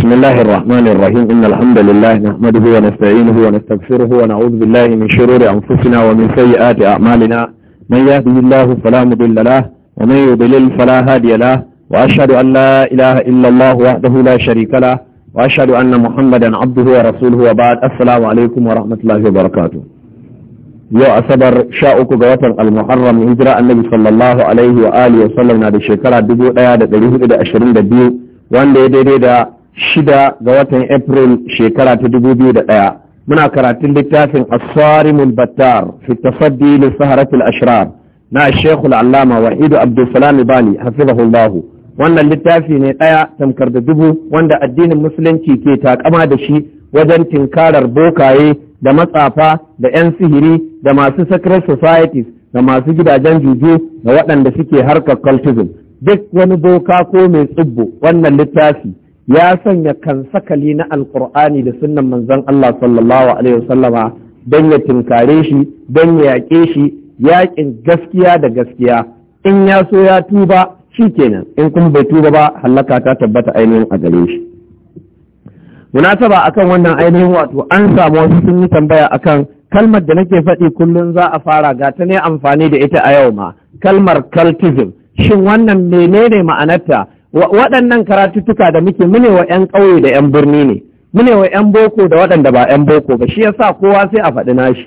بسم الله الرحمن الرحيم إن الحمد لله نحمده ونستعينه ونستغفره ونعوذ بالله من شرور أنفسنا ومن سيئات أعمالنا من يهده الله فلا مضل له ومن يضلل فلا هادي له وأشهد أن لا إله إلا الله وحده لا شريك له وأشهد أن محمدا عبده ورسوله وبعد السلام عليكم ورحمة الله وبركاته يا أصبر شاءك قوات المحرم هجرة النبي صلى الله عليه وآله وسلم نادي شكرا دبو آيادة دليه إلى أشرين دبيو وان دي دي دا shida ga watan april shekara ta dubu biyu da ɗaya muna karatun littafin asarimul battar fi tasaddi li saharatul ashrar na shekhu al'allama wahidu abdulsalam Bani hafizahullahu wannan littafi ne ɗaya tamkar da dubu wanda addinin musulunci ke takama da shi wajen tinkarar bokaye da matsafa da 'yan sihiri da masu secret societies da masu gidajen juju da waɗanda suke harkar cultism duk wani boka ko mai tsibbo wannan littafi ya sanya sakali na alkur'ani da sunan manzon Allah sallallahu alaihi wasallama don ya tinkare shi don ya yaƙe shi yaƙin gaskiya da gaskiya in ya so ya tuba shi in kuma bai tuba ba hallaka ta tabbata ainihin a gare shi munasaba akan wannan ainihin wato an samu wasu sun yi tambaya akan kalmar da nake faɗi kullum za a fara ga ta ne amfani da ita a yau ma kalmar cultism shin wannan menene ma'anarta waɗannan karatuttuka da muke mune wa 'yan ƙauye da 'yan birni ne mune wa 'yan boko da waɗanda ba 'yan boko ba shi yasa kowa sai a faɗi nashi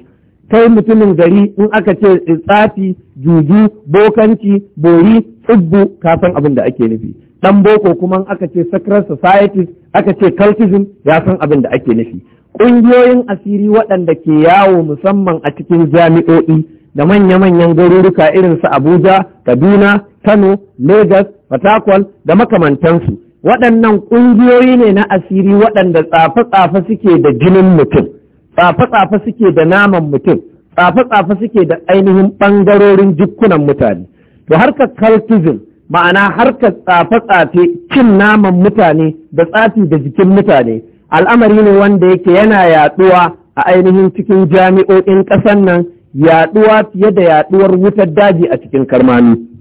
kai mutumin gari in aka ce tsafi juju bokanci bori tsibbu kafin abin da ake nufi dan boko kuma aka ce secret societies aka ce cultism ya san abin da ake nufi ƙungiyoyin asiri waɗanda ke yawo musamman a cikin jami'o'i da manya-manyan garuruka irin su abuja kaduna kano lagos fatakwal da makamantansu waɗannan ƙungiyoyi ne na asiri waɗanda tsafe-tsafe suke da jinin mutum tsafe-tsafe suke da naman mutum tsafe-tsafe suke da ainihin ɓangarorin jikunan mutane to harkar cultism ma'ana harkar tsafe-tsafe cin naman mutane da tsafi da jikin mutane al'amari ne wanda yake yana yaɗuwa a ainihin cikin jami'o'in ƙasan nan yaɗuwa fiye da yaɗuwar wutar daji a cikin karmami.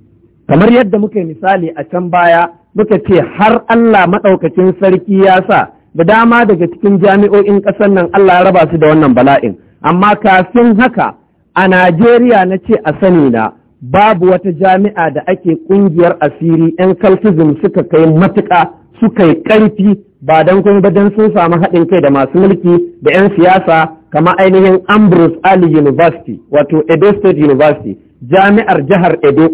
kamar yadda muka misali a can baya muka ce har Allah maɗaukacin sarki ya sa da dama daga cikin jami'o'in ƙasar nan Allah ya raba su da wannan bala'in amma kafin haka a Najeriya na ce a sani na babu wata jami'a da ake ƙungiyar asiri 'yan kalfizim suka kai matuƙa suka yi ƙarfi ba don kuma ba don sun samu haɗin kai da masu mulki da 'yan siyasa kama ainihin Ambrose Ali University wato Edo State University jami'ar jihar Edo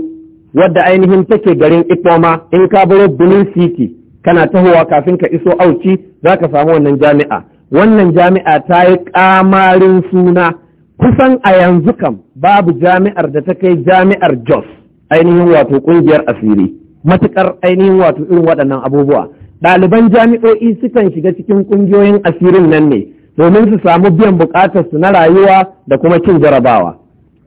wadda ainihin take garin ikoma in ka baro benin city kana tahowa kafin ka iso auci za ka samu wannan jami'a wannan jami'a ta yi kamarin suna kusan a yanzu kam babu jami'ar da ta kai jami'ar jos ainihin wato kungiyar asiri matukar ainihin wato irin waɗannan abubuwa ɗaliban jami'o'i sukan shiga cikin ƙungiyoyin asirin nan ne domin su samu biyan buƙatar su na rayuwa da kuma cin jarabawa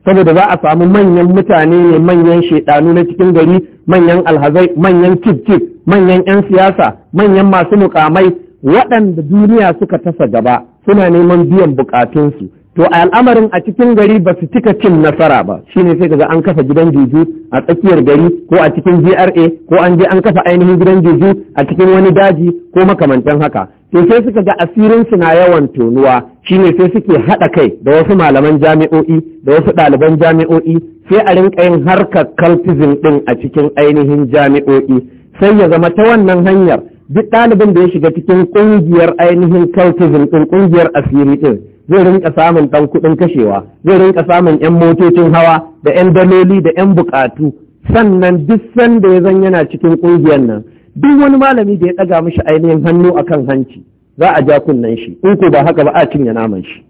saboda za a samu manyan mutane ne manyan shaidanu na cikin gari manyan alhazai manyan kif manyan 'yan siyasa manyan masu mukamai waɗanda duniya suka tasa gaba suna neman biyan bukatunsu to a al'amarin a cikin gari ba su cika cin nasara ba shine sai kaga an kafa gidan juju a tsakiyar gari ko a cikin GRA ko an je an kafa ainihin gidan juju a cikin wani daji ko makamantan haka to sai suka ga asirinsu na yawan tonuwa shine sai suke haɗa kai da wasu malaman jami'o'i da wasu ɗaliban jami'o'i sai a rinka yin harkar cultism ɗin a cikin ainihin jami'o'i sai ya zama ta wannan hanyar duk ɗalibin da ya shiga cikin ƙungiyar ainihin cultism ɗin ƙungiyar asiri ɗin zai rinka samun ɗan kuɗin kashewa zai rinka samun 'yan motocin hawa da 'yan daloli da 'yan buƙatu sannan duk sanda ya zan yana cikin ƙungiyar nan duk wani malami da ya ɗaga mishi ainihin hannu a kan hanci za a ja kunnen shi in ko ba haka ba a cinye naman shi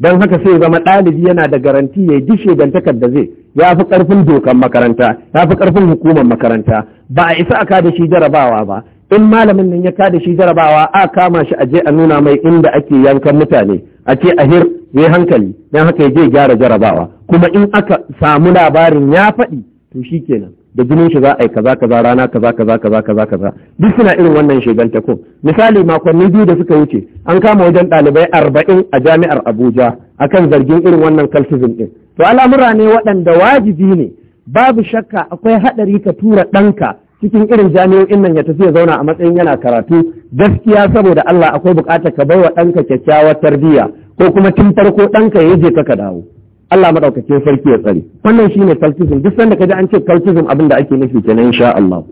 don haka sai zama ɗalibi yana da garanti ya ji shegantakar da zai ya fi ƙarfin dokan makaranta ya fi ƙarfin hukumar makaranta ba a isa a kada shi jarabawa ba in malamin nan ya kada shi jarabawa a kama shi a je a nuna mai inda ake yankan mutane a ce a hir ya hankali don haka ya je gyara jarabawa kuma in aka samu labarin ya faɗi to shi kenan da jinin shi za a yi kaza kaza rana kaza kaza kaza kaza kaza duk suna irin wannan shiganta ko misali makonni biyu da suka wuce an kama wajen ɗalibai arba'in a jami'ar abuja akan zargin irin wannan kalsizin din to al'amura ne waɗanda wajibi ne babu shakka akwai haɗari ka tura ɗanka cikin irin jami'o'in nan ya tafi ya zauna a matsayin yana karatu gaskiya saboda Allah akwai buƙatar ka baiwa ɗanka kyakkyawar tarbiyya ko kuma tun farko ɗanka ya je ka dawo Allah maɗaukacin sarki ya tsare wannan shine cultism duk sanda kaji an ce cultism abin da ake nufi kenan insha Allah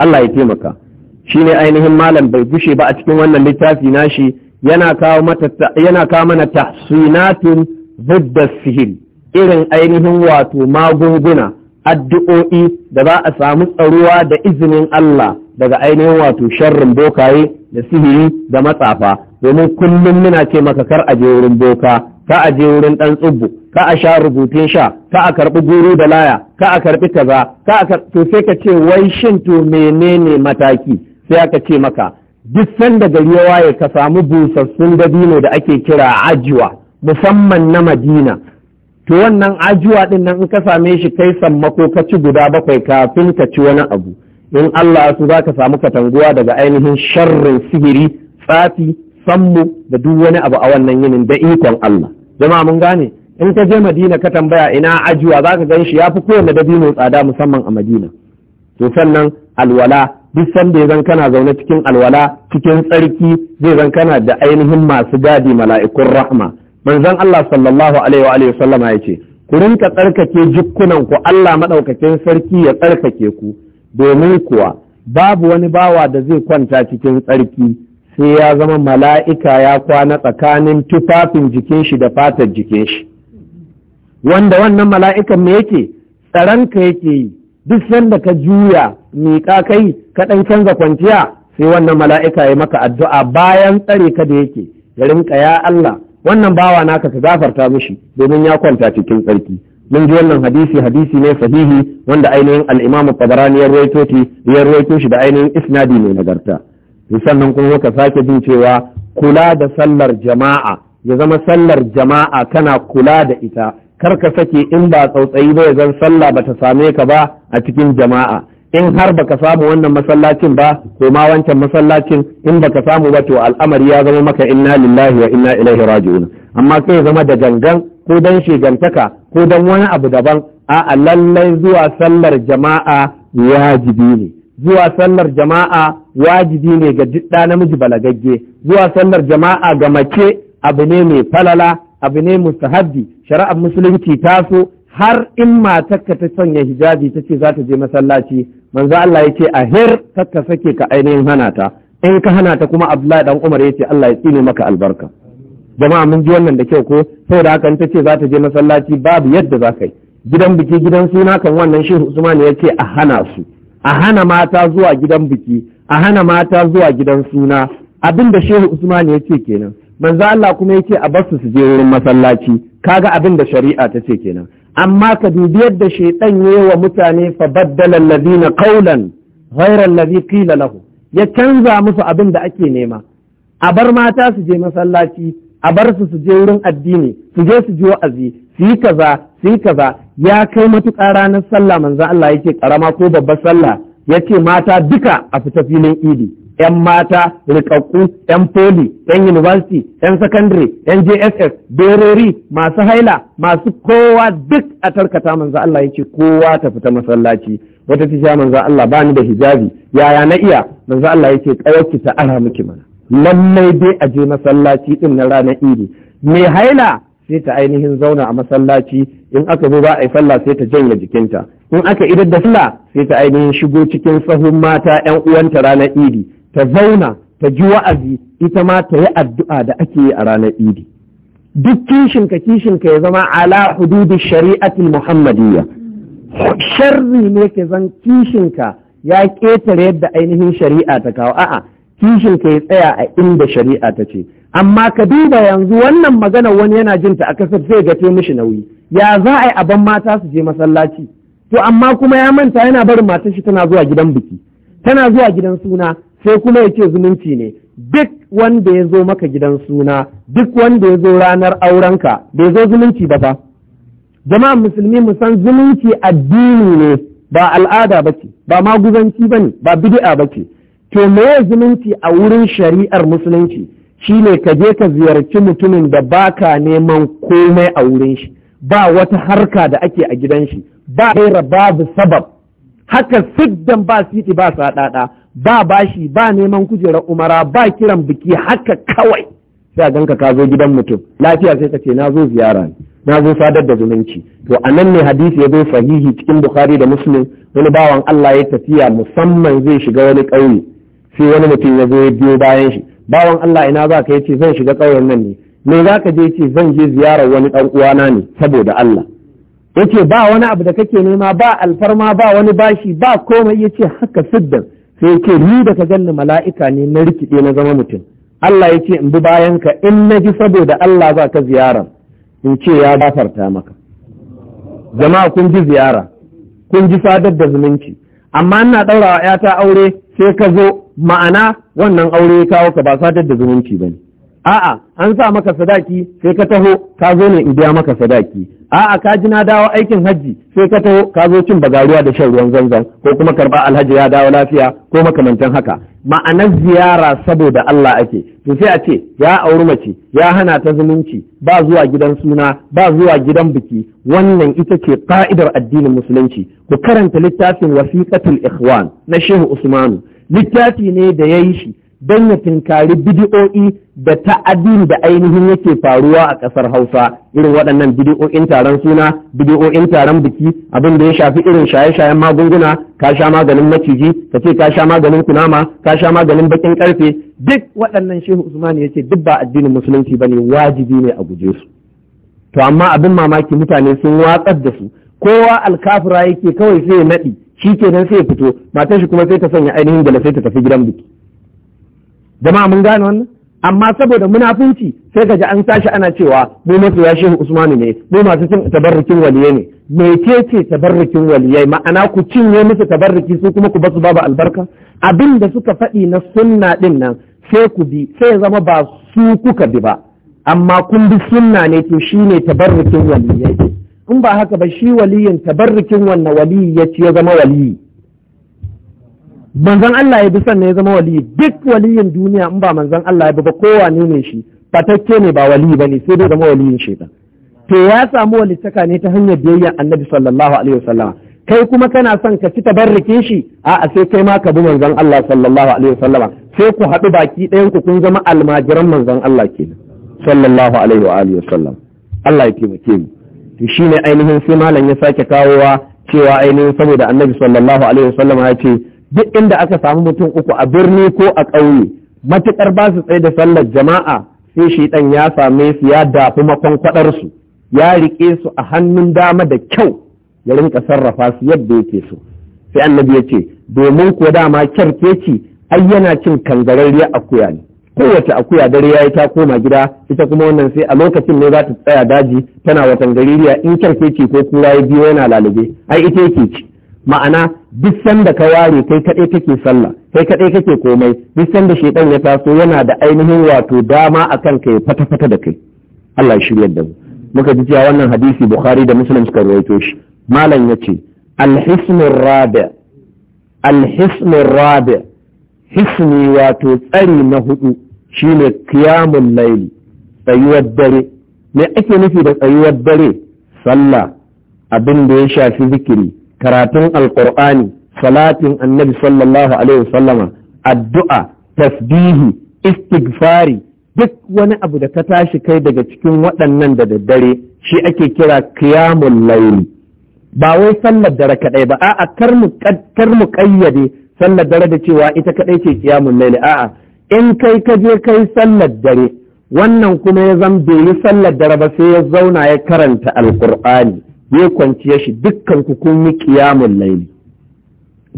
Allah ya taimaka shine ainihin malam bai gushe ba a cikin wannan littafi nashi yana kawo mata yana kawo mana tahsinatun bidda sihir irin ainihin wato magunguna addu'o'i da za a samu tsaruwa da izinin Allah daga ainihin wato sharrin bokaye da sihiri da matsafa domin kullum muna ce maka kar a je wurin boka ka a je wurin ɗan tsubbu ka a sha rubutun sha ka a karɓi guru da laya ka a karɓi kaza ka a to sai ka ce wai shin to menene mataki sai aka ce maka duk sanda gari ya waye ka samu busassun dabino da ake kira ajiwa musamman na madina to wannan ajiwa din nan in ka same shi kai sammako ka ci guda bakwai kafin ka ci wani abu in Allah su za ka samu katanguwa daga ainihin sharrin sihiri tsafi sammu da duk wani abu a wannan yinin da ikon Allah jama'a mun gane in ka je Madina ka tambaya ina ajuwa zaka gan shi yafi kowanne dabino tsada musamman a Madina to sannan alwala duk sanda zan kana zaune cikin alwala cikin tsarki zai zan kana da ainihin masu gadi mala'ikun rahma manzon Allah sallallahu alaihi wa alihi sallama yace ku rinka tsarkake jikkunan ku Allah madaukakin sarki ya tsarkake ku domin kuwa babu wani bawa da zai kwanta cikin tsarki sai ya zama mala'ika ya kwana tsakanin tufafin jikin shi da fatar jikin shi wanda wannan mala'ikan me yake tsaranka yake yi duk sanda ka juya miƙa kai kaɗan canza kwanciya sai wannan mala'ika ya maka addu'a bayan tsare ka da yake ya rinka ya Allah wannan bawa naka ka gafarta mishi domin ya kwanta cikin tsarki mun ji wannan hadisi hadisi ne sahihi wanda ainihin al’imamu imam Tabarani ya rawaito shi da ainihin isnadi mai nagarta sannan kuma muka sake bin cewa kula da sallar jama'a ya zama sallar jama'a kana kula da ita kar ka sake in ba tsautsayi ba ya zan sallah bata same ka ba a cikin jama'a in har baka samu wannan masallacin ba ko ma wancan masallacin in baka samu ba to al'amari ya zama maka inna lillahi wa inna ilaihi raji'un amma kai zama da gangan ko dan shegantaka ko dan wani abu daban a'a lallai zuwa sallar jama'a wajibi ne zuwa sallar jama'a wajibi ne ga duk ɗa namiji balagagge zuwa sallar jama'a ga mace abu ne mai falala abu ne mustahabbi shari'ar musulunci ta so har in matarka ta sanya hijabi ta ce za ta je masallaci manzo Allah ya ce a her kakka sake ka ainihin hana ta in ka hana ta kuma Abdullahi dan Umar ya ce Allah ya tsine maka albarka jama'a mun ji wannan da kyau ko saboda haka ta ce za ta je masallaci babu yadda za ka yi gidan biki gidan suna kan wannan shehu Usman ya ce a hana su a hana mata zuwa gidan biki a hana mata zuwa gidan suna abin da shehu usman ya ce kenan manzo Allah kuma ya ce a basu su je wurin masallaci kaga abin da shari'a ta ce kenan amma ka dubi yadda shaiɗan ya wa mutane fa baddala alladhina qawlan ghayra alladhi qila lahu ya canza musu abin da ake nema a bar mata su je masallaci a bar su su je wurin addini su je su ji wa'azi su yi kaza su yi kaza ya kai matuƙa ranar sallah manzo Allah yake karama ko babbar sallah ya ce mata duka a fita filin idi yan mata rikakku yan poli yan university yan sakandare, yan jss berori masu haila masu kowa duk a tarkata manzo Allah ya ce kowa ta fita masallaci wata tisha manzo Allah ba ni da hijabi yaya na iya manzo Allah ya ce kawarki ta ara miki mana lallai dai a je masallaci ɗin na ranar idi Me haila sai ta ainihin zauna a masallaci in aka zo za a yi sallah sai ta janye jikinta in aka idar da sallah sai ta ainihin shigo cikin sahun mata yan uwanta ranar idi ta zauna ta ji wa'azi ita ma ta yi addu'a da ake yi a ranar idi duk kishinka kishinka ya zama ala hududi shari'atul muhammadiyya sharri ne ke zan ka ya ƙetare yadda ainihin shari'a ta kawo a'a kishin ka ya tsaya a inda shari'a ta ce amma ka duba yanzu wannan magana wani yana jin ta a kasar zai ga mishi nauyi ya za a yi aban mata su je masallaci to amma kuma ya manta yana barin matar shi tana zuwa gidan biki tana zuwa gidan suna sai kuma ya ce zumunci ne duk wanda ya zo maka gidan suna duk wanda ya zo ranar aurenka bai zo zumunci ba fa jama'a musulmi mu san zumunci addini ne ba al'ada ba ce ba maguzanci ba ne ba bidi'a ba ce to me zumunci a wurin shari'ar musulunci shine ka je ka ziyarci mutumin da ba ka neman komai a wurin shi ba wata harka da ake a gidan shi ba gaira babu sabab haka siddan ba siti ba saɗaɗa ba bashi ba neman kujerar umara ba kiran biki haka kawai sai a ganka ka zo gidan mutum lafiya sai ka ce na zo ziyara ne na zo sadar da zumunci to a nan ne hadisi ya zo sahihi cikin bukhari da muslim wani bawan allah ya tafiya musamman zai shiga wani ƙauye sai wani mutum ya zo ya biyo bayan shi bawan Allah ina za ka yace zan shiga ƙauyen nan ne me za ka je ce zan je ziyarar wani ɗan uwana ne saboda Allah yace ba wani abu da kake nema ba alfarma ba wani bashi ba komai yace haka siddan sai yace ni da ka ganni mala'ika ne na rikide na zama mutum Allah yace in bi bayan ka in na ji saboda Allah za ka ziyara in ce ya gafarta maka jama'a kun ji ziyara kun ji sadar da zumunci amma ina ɗaurawa 'yata aure sai ka zo ma'ana wannan aure ya kawo ka ba sadar da zumunci ba ne a'a an sa maka sadaki sai ka taho ka zo ne in biya maka sadaki a'a ka ji na dawo aikin hajji sai ka taho ka zo cin bagaruwa da shan ruwan zanzan ko kuma karba alhaji ya dawo lafiya ko makamantan haka ma'anar ziyara saboda Allah ake to sai a ce ya auri mace ya hana ta zumunci ba zuwa gidan suna ba zuwa gidan biki wannan ita ce ka'idar addinin musulunci ku karanta littafin wasiƙatul ikhwan na Shehu Usmanu littafi ne da ya yi shi don ya tinkari bidi'o'i da ta'adin da ainihin yake faruwa a ƙasar Hausa irin waɗannan bidi'o'in taron suna bidi'o'in taron biki abin da ya shafi irin shaye-shayen magunguna ka sha maganin maciji ka ce ka sha maganin kunama ka sha maganin bakin karfe duk waɗannan shehu Usman ya ce duk ba addinin musulunci ba ne wajibi ne a guje su to amma abin mamaki mutane sun watsar da su kowa alkafira yake kawai sai ya naɗi shi kenan sai ya fito matan shi kuma sai ta sanya ainihin da sai ta tafi gidan biki jama'a mun gane wannan amma saboda munafunci sai ka ji an tashi ana cewa mu ya shehu usmanu ne mu masu cin tabarrukin waliyai ne Me ke ce tabarrukin waliyai ma'ana ku cinye musu tabarruki su kuma ku basu babu albarka abin da suka faɗi na sunna ɗin nan sai ku bi sai zama ba su kuka bi ba amma kun bi sunna ne to shine tabarrukin waliyai in ba haka ba shi waliyin tabarrukin wannan waliyi ya ci ya zama waliyi manzon Allah ya bi sannan ya zama waliyi duk waliyin duniya in ba manzon Allah ya bi ba kowane ne shi fatakke ne ba ba ne sai dai zama waliyin shaitan to ya samu walittaka ne ta hanyar biyayyar annabi sallallahu alaihi wasallam kai kuma kana son ka ci tabarrukin shi a'a sai kai ma ka bi manzon Allah sallallahu alaihi wasallam sai ku haɗu baki ɗayan ku kun zama almajiran manzon Allah kenan sallallahu alaihi wa alihi wasallam Allah ya taimake mu to ne ainihin sai malam ya sake kawowa cewa ainihin saboda annabi sallallahu alaihi wasallam ya ce duk inda aka samu mutum uku a birni ko a ƙauye matukar ba su tsaye da sallar jama'a sai shi dan ya same su ya dafi makon su ya riƙe su a hannun dama da kyau ya rinka sarrafa su yadda yake so sai annabi ya ce domin ko dama kyarkeci ai yana cin kangararriya akuya ne kowace akuya dare ya yi ta koma gida ita kuma wannan sai a lokacin ne za ta tsaya daji tana watan gaririya in ce ko kura ya biyo yana lalube ai ita yake ci ma'ana duk sanda ka ware kai kaɗai kake sallah kai kaɗai kake komai duk sanda shaidan ya taso yana da ainihin wato dama akan ka fata-fata da kai Allah ya shirya da mu muka ji cewa wannan hadisi Bukhari da Muslim suka rawaito shi malam yace al alhismin rabi' al rabi' hisni wato tsari na hudu shine kiyamun laili tsayuwar dare me ake nufi da tsayuwar dare sallah abin da ya shafi zikiri karatun Alkur'ani, salatin annabi sallallahu alaihi wasallama addu'a tasbihi istighfari duk wani abu da ka tashi kai daga cikin waɗannan da daddare shi ake kira kiyamun laili ba wai sallar dare kaɗai ba a'a kar mu kar mu kayyade sallar dare da cewa ita kaɗai ce kiyamun laili a'a in kai ka je kai sallar dare wannan kuma ya zan bai yi sallar dare ba sai ya zauna ya karanta alkur'ani ya kwanciya shi dukkan ku kun yi kiyamun laili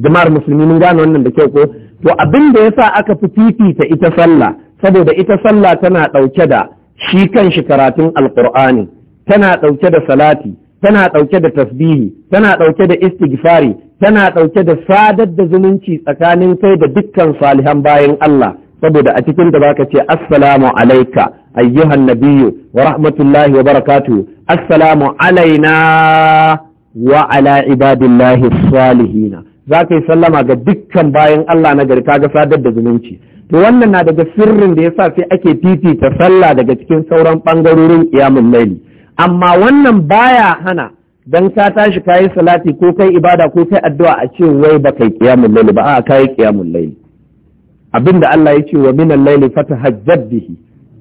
jama'ar musulmi mun gane wannan da kyau ko to abin da yasa aka fi fifita ita sallah saboda ita sallah tana ɗauke da shi kanshi karatun alkur'ani tana ɗauke da salati tana ɗauke da tasbihi tana ɗauke da istighfari tana ɗauke da sadar da zumunci tsakanin kai da dukkan salihan bayan Allah saboda a cikin da ka ce assalamu alaika ayyuhan nabiyyu wa rahmatullahi wa barakatu assalamu alaina wa ala ibadillahi salihina zaka yi sallama ga dukkan bayan Allah na gari kaga sadar da zumunci to wannan na daga sirrin da yasa sai ake titita sallah daga cikin sauran bangarorin qiyamul layli amma wannan baya hana dan ka tashi kayi salati ko kai ibada ko kai addu'a a ce wai ba kai qiyamul layli ba a kai qiyamul layli abinda Allah yake wa min al-layli fatahajjab bihi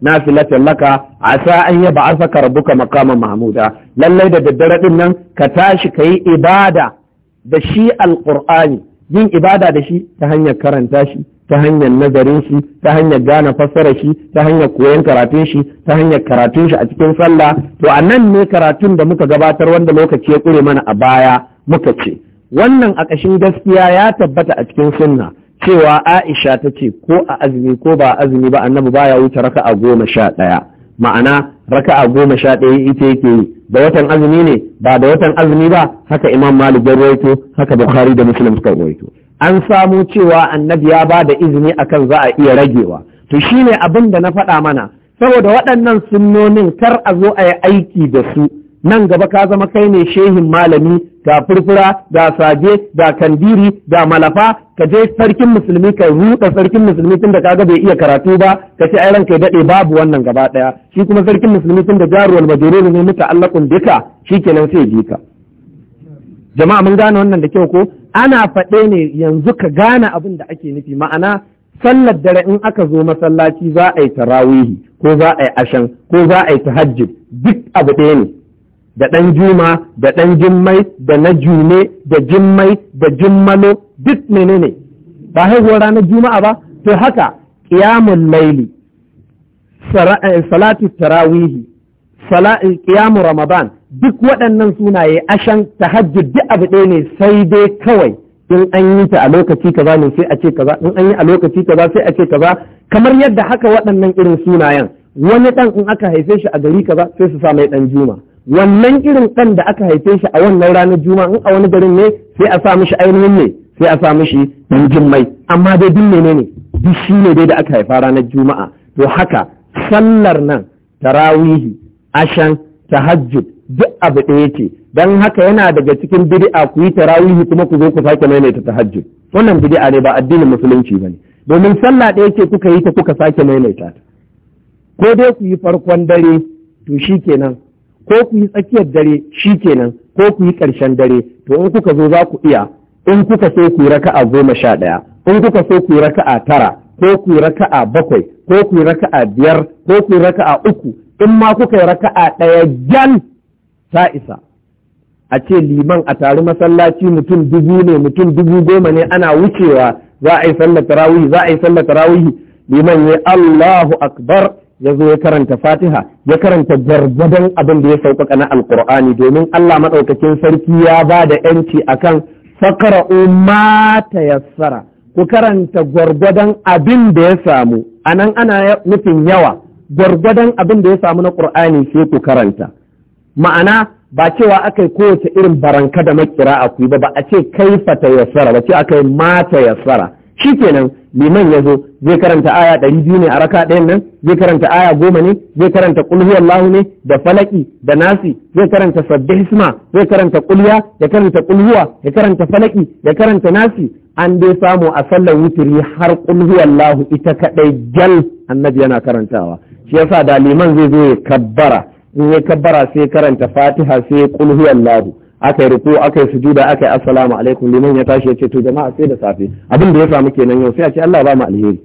nafilatan laka asa an yab'athaka rabbuka maqaman mahmuda lallai da daddare din nan ka tashi kayi ibada da shi alqur'ani yin ibada da shi ta hanyar karanta shi ta hanyar nazarin shi ta hanyar gane fassara shi ta hanyar koyon karatun shi ta hanyar karatun shi a cikin sallah to a nan ne karatun da muka gabatar wanda lokaci ya kure mana a baya muka ce wannan a ƙashin gaskiya ya tabbata a cikin sunna cewa Aisha ta ce ko a azumi ko ba azumi ba annabi baya wuce a goma sha ɗaya ma'ana raka a goma sha ɗaya ita yake yi da watan azumi ne ba da watan azumi ba haka Imam Malik ya rawaito haka Bukhari da Muslim suka rawaito an samu cewa annabi ya ba da izini akan za a iya ragewa to shine abin da na faɗa mana saboda waɗannan sunnonin kar a zo a yi aiki da su nan gaba ka zama kai ne shehin malami ga furfura ga sage, ga kandiri ga malafa ka je sarkin musulmi ka ruɗa sarkin musulmi tun da kaga bai iya karatu ba ka ce ai ranka daɗe babu wannan gaba ɗaya shi kuma sarkin musulmi tun da jaruwal majalolu ne muta allakun duka shikenan sai ji ka jama'a mun gane wannan da kyau ko ana faɗe ne yanzu ka gane abin da ake nufi ma'ana sallar dare in aka zo masallaci za a yi tarawihi ko za a yi ashan ko za a yi tahajjud duk abu ɗaya ne da ɗan juma da ɗan jimmai da na jume da jimmai da jimmalo duk menene ba haihuwar ranar juma'a ba to haka ƙiyamun laili eh, salatu tarawihi ƙiyamun eh, ramadan duk waɗannan sunaye ashan Hajji duk abu ɗaya ne sai dai kawai in an yi ta a lokaci kaza ne sai a ce kaza in an yi a lokaci kaza sai a ce kaza kamar yadda haka waɗannan irin sunayen wani ɗan in aka haife shi a gari kaza sai su sa mai ɗan juma wannan irin ɗan da aka haife shi a wannan ranar juma in a wani garin ne sai a sa mishi ainihin ne sai a sa mishi ɗan jummai amma dai duk menene duk shi ne dai da aka haifa ranar juma'a to haka sallar nan tarawihi ashan tahajjud duk abu ɗaya ce don haka yana daga cikin bid'a ku yi tarawihi kuma ku zo ku sake maimaita tahajjud wannan bid'a ne ba addinin musulunci ba ne, domin sallah ɗaya ce kuka yi ta kuka sake maimaita ta ko dai ku yi farkon dare to shi kenan ko ku yi tsakiyar dare shi kenan ko ku yi ƙarshen dare to in kuka zo za ku iya in kuka so ku yi raka'a goma sha ɗaya in kuka so ku yi raka'a tara ko ku yi raka'a bakwai ko ku yi raka'a biyar ko ku yi raka'a uku in ma kuka yi raka'a ɗaya jan ta isa a ce liman a tari masallaci mutum dubu ne mutum dubu goma ne ana wucewa za a yi sallar tarawihi za a yi sallar tarawihi liman ya Allahu akbar ya zo ya karanta fatiha ya karanta gargadon abin da ya sauƙaƙa na alƙur'ani domin allah maɗaukakin sarki ya ba da yanci akan fakara'u ma tayassara ku karanta gwargwadon abin da ya samu a nan ana nufin yawa gwargwadon abin da ya samu na ƙur'ani sai ku karanta ma'ana ba cewa aka yi kowace irin baranka da makira a ba ba a ce kaifa yasara. ba ce aka yi mata tayassara shi kenan liman ya zo zai karanta aya ɗari biyu ne a raka ɗayan nan zai karanta aya goma ne zai karanta ƙulhuwar lahu ne da falaki da nasi zai karanta sabbin hisma, zai karanta kulya ya karanta ƙulhuwa, ya karanta falaki ya karanta nasi an dai samu a sallar wutiri har ƙulhu lahu ita kaɗai jal annabi yana karantawa shi yasa da liman zai zo ya kabbara in ya kabbara sai karanta fatiha sai ƙulhu Allahu aka yi ruku aka yi sujuda aka yi assalamu alaikum liman ya tashi ya ce to jama'a sai da safe abin da ya samu kenan yau sai a ce Allah ba mu alheri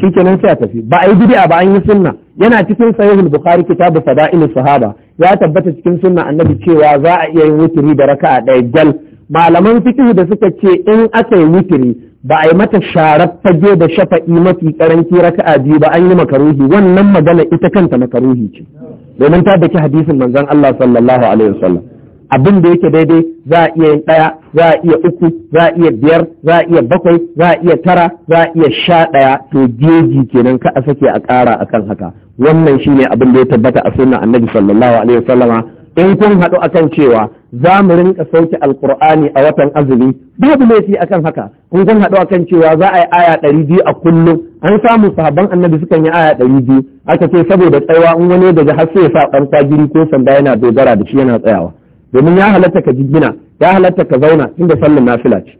shi kenan sai a tafi ba a yi bid'a ba an yi sunna yana cikin sahihul bukhari kitabu fada'il sahaba ya tabbata cikin sunna annabi cewa za a iya yin wutiri da raka'a ɗaya gal malaman fiqh da suka ce in aka yi witiri ba a yi mata sharar fage da shafa'i mafi karanci raka'a biyu ba an yi makaruhi wannan magana ita kanta makaruhi ce domin ta daki hadisin manzon Allah sallallahu alaihi wasallam abin da yake daidai za a iya yin ɗaya za a iya uku za a iya biyar za a iya bakwai za a iya tara za a iya sha ɗaya to jeji kenan ka a sake a ƙara akan haka wannan shi ne abin da ya tabbata a sunna annabi sallallahu alaihi wasallama in kun haɗu akan cewa za mu rinka sauke alkur'ani a watan azumi babu laifi akan haka in kun haɗu akan cewa za a yi aya ɗari biyu a kullum an samu sahabban annabi sukan yi aya ɗari biyu aka ce saboda tsayawa in wani daga har sai ya sa ɗan kwagiri ko sanda yana dogara da shi yana tsayawa domin ya halatta ka jingina ya halatta ka zauna inda sallar nafila ce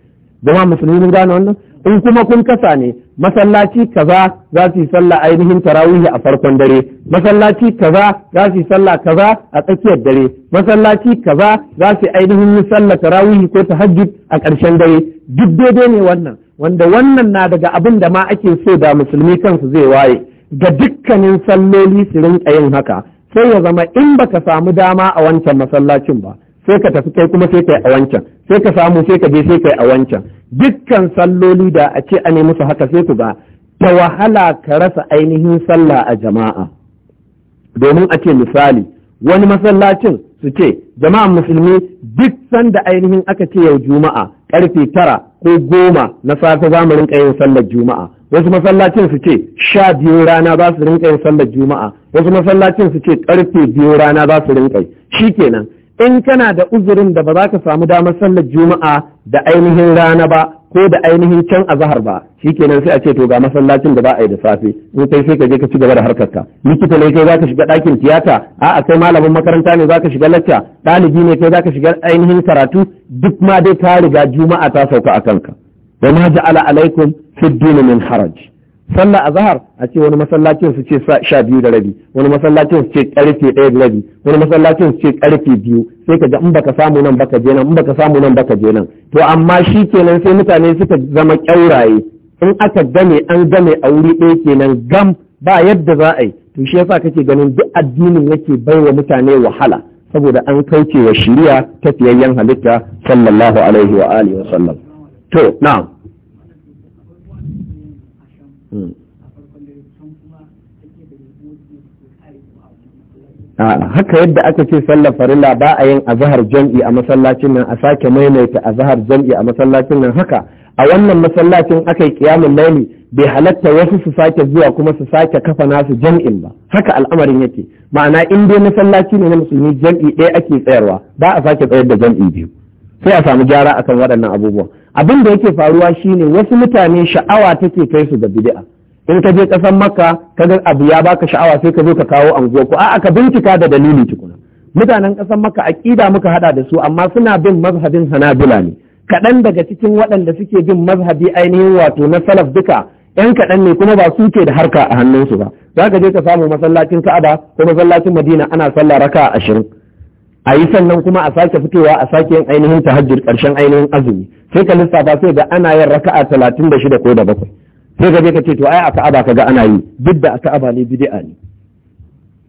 jama'a musulmi mun gane wannan in kuma kun kasa ne masallaci kaza za su yi sallah ainihin tarawihi a farkon dare masallaci kaza za su yi sallah kaza a tsakiyar dare masallaci kaza za su yi ainihin yi sallah tarawihi ko tahajjud a ƙarshen dare duk daidai ne wannan wanda wannan na daga abin da ma ake so da musulmi kansu zai waye ga dukkanin salloli su rinka yin haka sai ya zama in baka samu dama a wancan masallacin ba sai ka tafi kai kuma sai kai a wancan sai ka samu sai ka je sai kai a wancan dukkan salloli da a ce a ne musu haka sai ku ba ta wahala ka rasa ainihin sallah a jama'a domin a ce misali wani masallacin su ce jama'an musulmi duk sanda ainihin aka ce yau juma'a karfe tara ko goma na safe za mu rinka yin sallar juma'a wasu masallacin su ce sha biyu rana za su rinka yin sallar juma'a wasu masallacin su ce karfe biyu rana za su shi kenan in kana da uzurin da ba za ka samu damar sallar juma'a da ainihin rana ba ko da ainihin can azahar ba shikenan sai a ce to ga masallacin da ba a yi da safe in kai sai ka je ka ci gaba da harkar ka likita ne kai zaka shiga ɗakin tiyata a'a kai malamin makaranta ne zaka shiga lacca ɗalibi ne kai zaka shiga ainihin karatu duk ma dai ka riga juma'a ta sauka a kanka wa ma ja'ala alaikum fid min haraj sallah azhar a ce wani masallacin su ce sha biyu da rabi wani masallacin su ce karfe ɗaya da rabi wani masallacin su ce karfe biyu sai ka ga in baka samu nan baka je nan in baka samu nan baka je nan to amma shi kenan sai mutane suka zama kyauraye in aka game an game a wuri ɗaya kenan gam ba yadda za a yi to shi yasa kake ganin duk addinin yake baiwa mutane wahala saboda an kauce wa shiriya ta fiyayyen halitta sallallahu alaihi wa alihi wa sallam to na'am haka yadda aka ce sallar farilla ba a yin azahar jam'i a masallacin nan a sake maimaita azahar jam'i a masallacin nan haka a wannan masallacin aka yi kiyamun laili bai halatta wasu su sake zuwa kuma su sake kafa nasu jam'in ba haka al'amarin yake ma'ana in dai masallaci ne na musulmi jam'i ɗaya ake tsayarwa ba a sake tsayar da jam'i biyu sai a samu gyara akan waɗannan abubuwan abin da yake faruwa shine wasu mutane sha'awa take kai su ga bid'a in ka je ƙasar makka ka ga abu ya baka sha'awa sai ka zo ka kawo anguwa ko a'a ka bincika da dalili tukuna mutanen ƙasar makka aƙida muka haɗa da su amma suna bin mazhabin hanabila ne kaɗan daga cikin waɗanda suke bin mazhabi ainihin wato na salaf duka yan kaɗan ne kuma ba su ke da harka a hannunsu ba za ka je ka samu masallacin ka'aba ko masallacin madina ana sallah raka ashirin a yi sannan kuma a sake fitowa a sake yin ainihin tahajjud karshen ainihin azumi sai ka lissafa sai ga ana yin raka'a talatin da shida ko da bakwai sai ka je ka ce to ai a aba ka ga ana yi duk da a ka'aba ne bid'a ne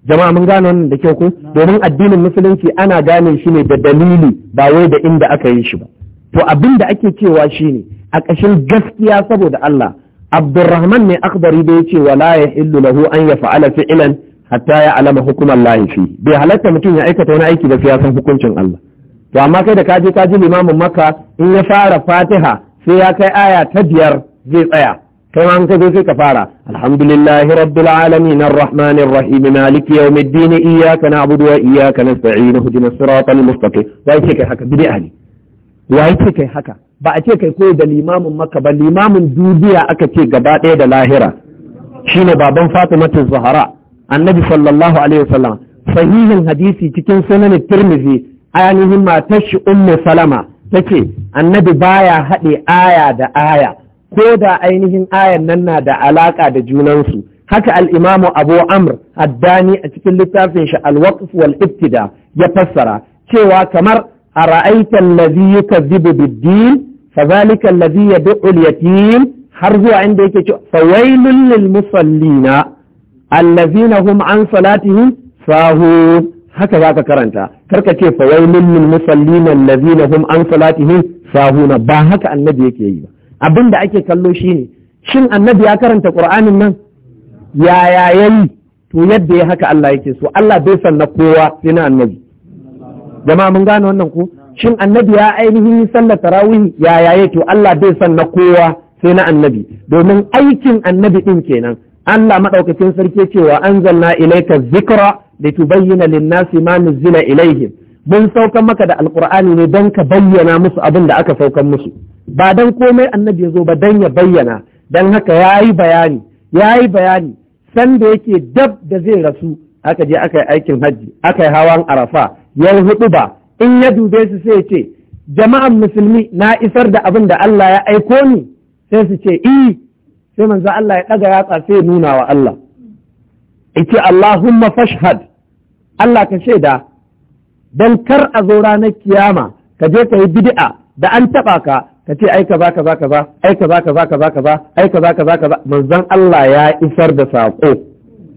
jama'a mun gane wannan da kyau ko domin addinin musulunci ana gane shi ne da dalili ba wai da inda aka yi shi ba to abin da ake cewa shine a ƙashin gaskiya saboda Allah Abdurrahman ne akbari da ya ce wala yahillu lahu an yaf'ala fi'lan hatta ya alama hukumar lahi fi bai halatta mutum ya aikata wani aiki ba sai ya san hukuncin Allah to amma kai da kaje kaji limamin maka in ya fara fatiha sai ya kai aya ta biyar zai tsaya kai ma ka zo sai ka fara alhamdulillahi rabbil alamin arrahmanir rahim maliki yawmiddin iyyaka na'budu wa iyyaka nasta'in ihdinas siratal mustaqim wai ce kai haka bid'a ne wai ce kai haka ba a ce kai koyi da limamin maka ba limamin duniya aka ce gaba ɗaya da lahira shine baban fatimatu zahara annabi sallallahu alaihi wasallam sahihin hadisi cikin sunan tirmizi ainihin matar shi ummu salama ce annabi baya haɗe aya da aya ko da ainihin ayan nan na da alaka da junansu haka al-imamu abu amr addani a cikin littafin shi al-waqf wal ibtida ya fassara cewa kamar a allazi yukazzibu bid-din fadhalika allazi yad'u al-yatim har zuwa inda yake cewa fawailul lil musallina allazina hum an salatihim sahu haka za ka karanta karka ce fa musalli lil musallin allazina hum an salatihim sahuna ba haka annabi yake yi ba abinda ake kallo shine shin annabi ya karanta qur'anin nan ya yayi to yadda ya haka Allah yake so Allah bai san na kowa sai na annabi jama'a mun gane wannan ko shin annabi ya ainihin sallar tarawih ya to Allah bai san na kowa sai na annabi domin aikin annabi din kenan Allah maɗaukacin sarki cewa an anzalna ilaika zikra litubayyana bayyana linnasi ma nuzila ilaihim mun saukan maka da Alƙur'ani ne don ka bayyana musu abin da aka saukan musu ba don komai annabi ya zo ba don ya bayyana Don haka ya yi bayani Ya yi bayani Sanda da yake dab da zai rasu aka je aka yi aikin hajji aka yi hawan arafa yau hudu ba in ya dube su sai ce jama'an musulmi na isar da abin da Allah ya aiko ni sai su ce i eh, sai manzo Allah ya ɗaga yatsa sai ya nuna wa Allah yace Allahumma fashhad Allah ka shaida dan kar a zo ranar kiyama ka je ka yi bid'a da an taɓa ka ka ce aika ba ka ba ka ba aika ba ka ba ka ba ka ba aika ba ka ba ka ba manzon Allah ya isar da saƙo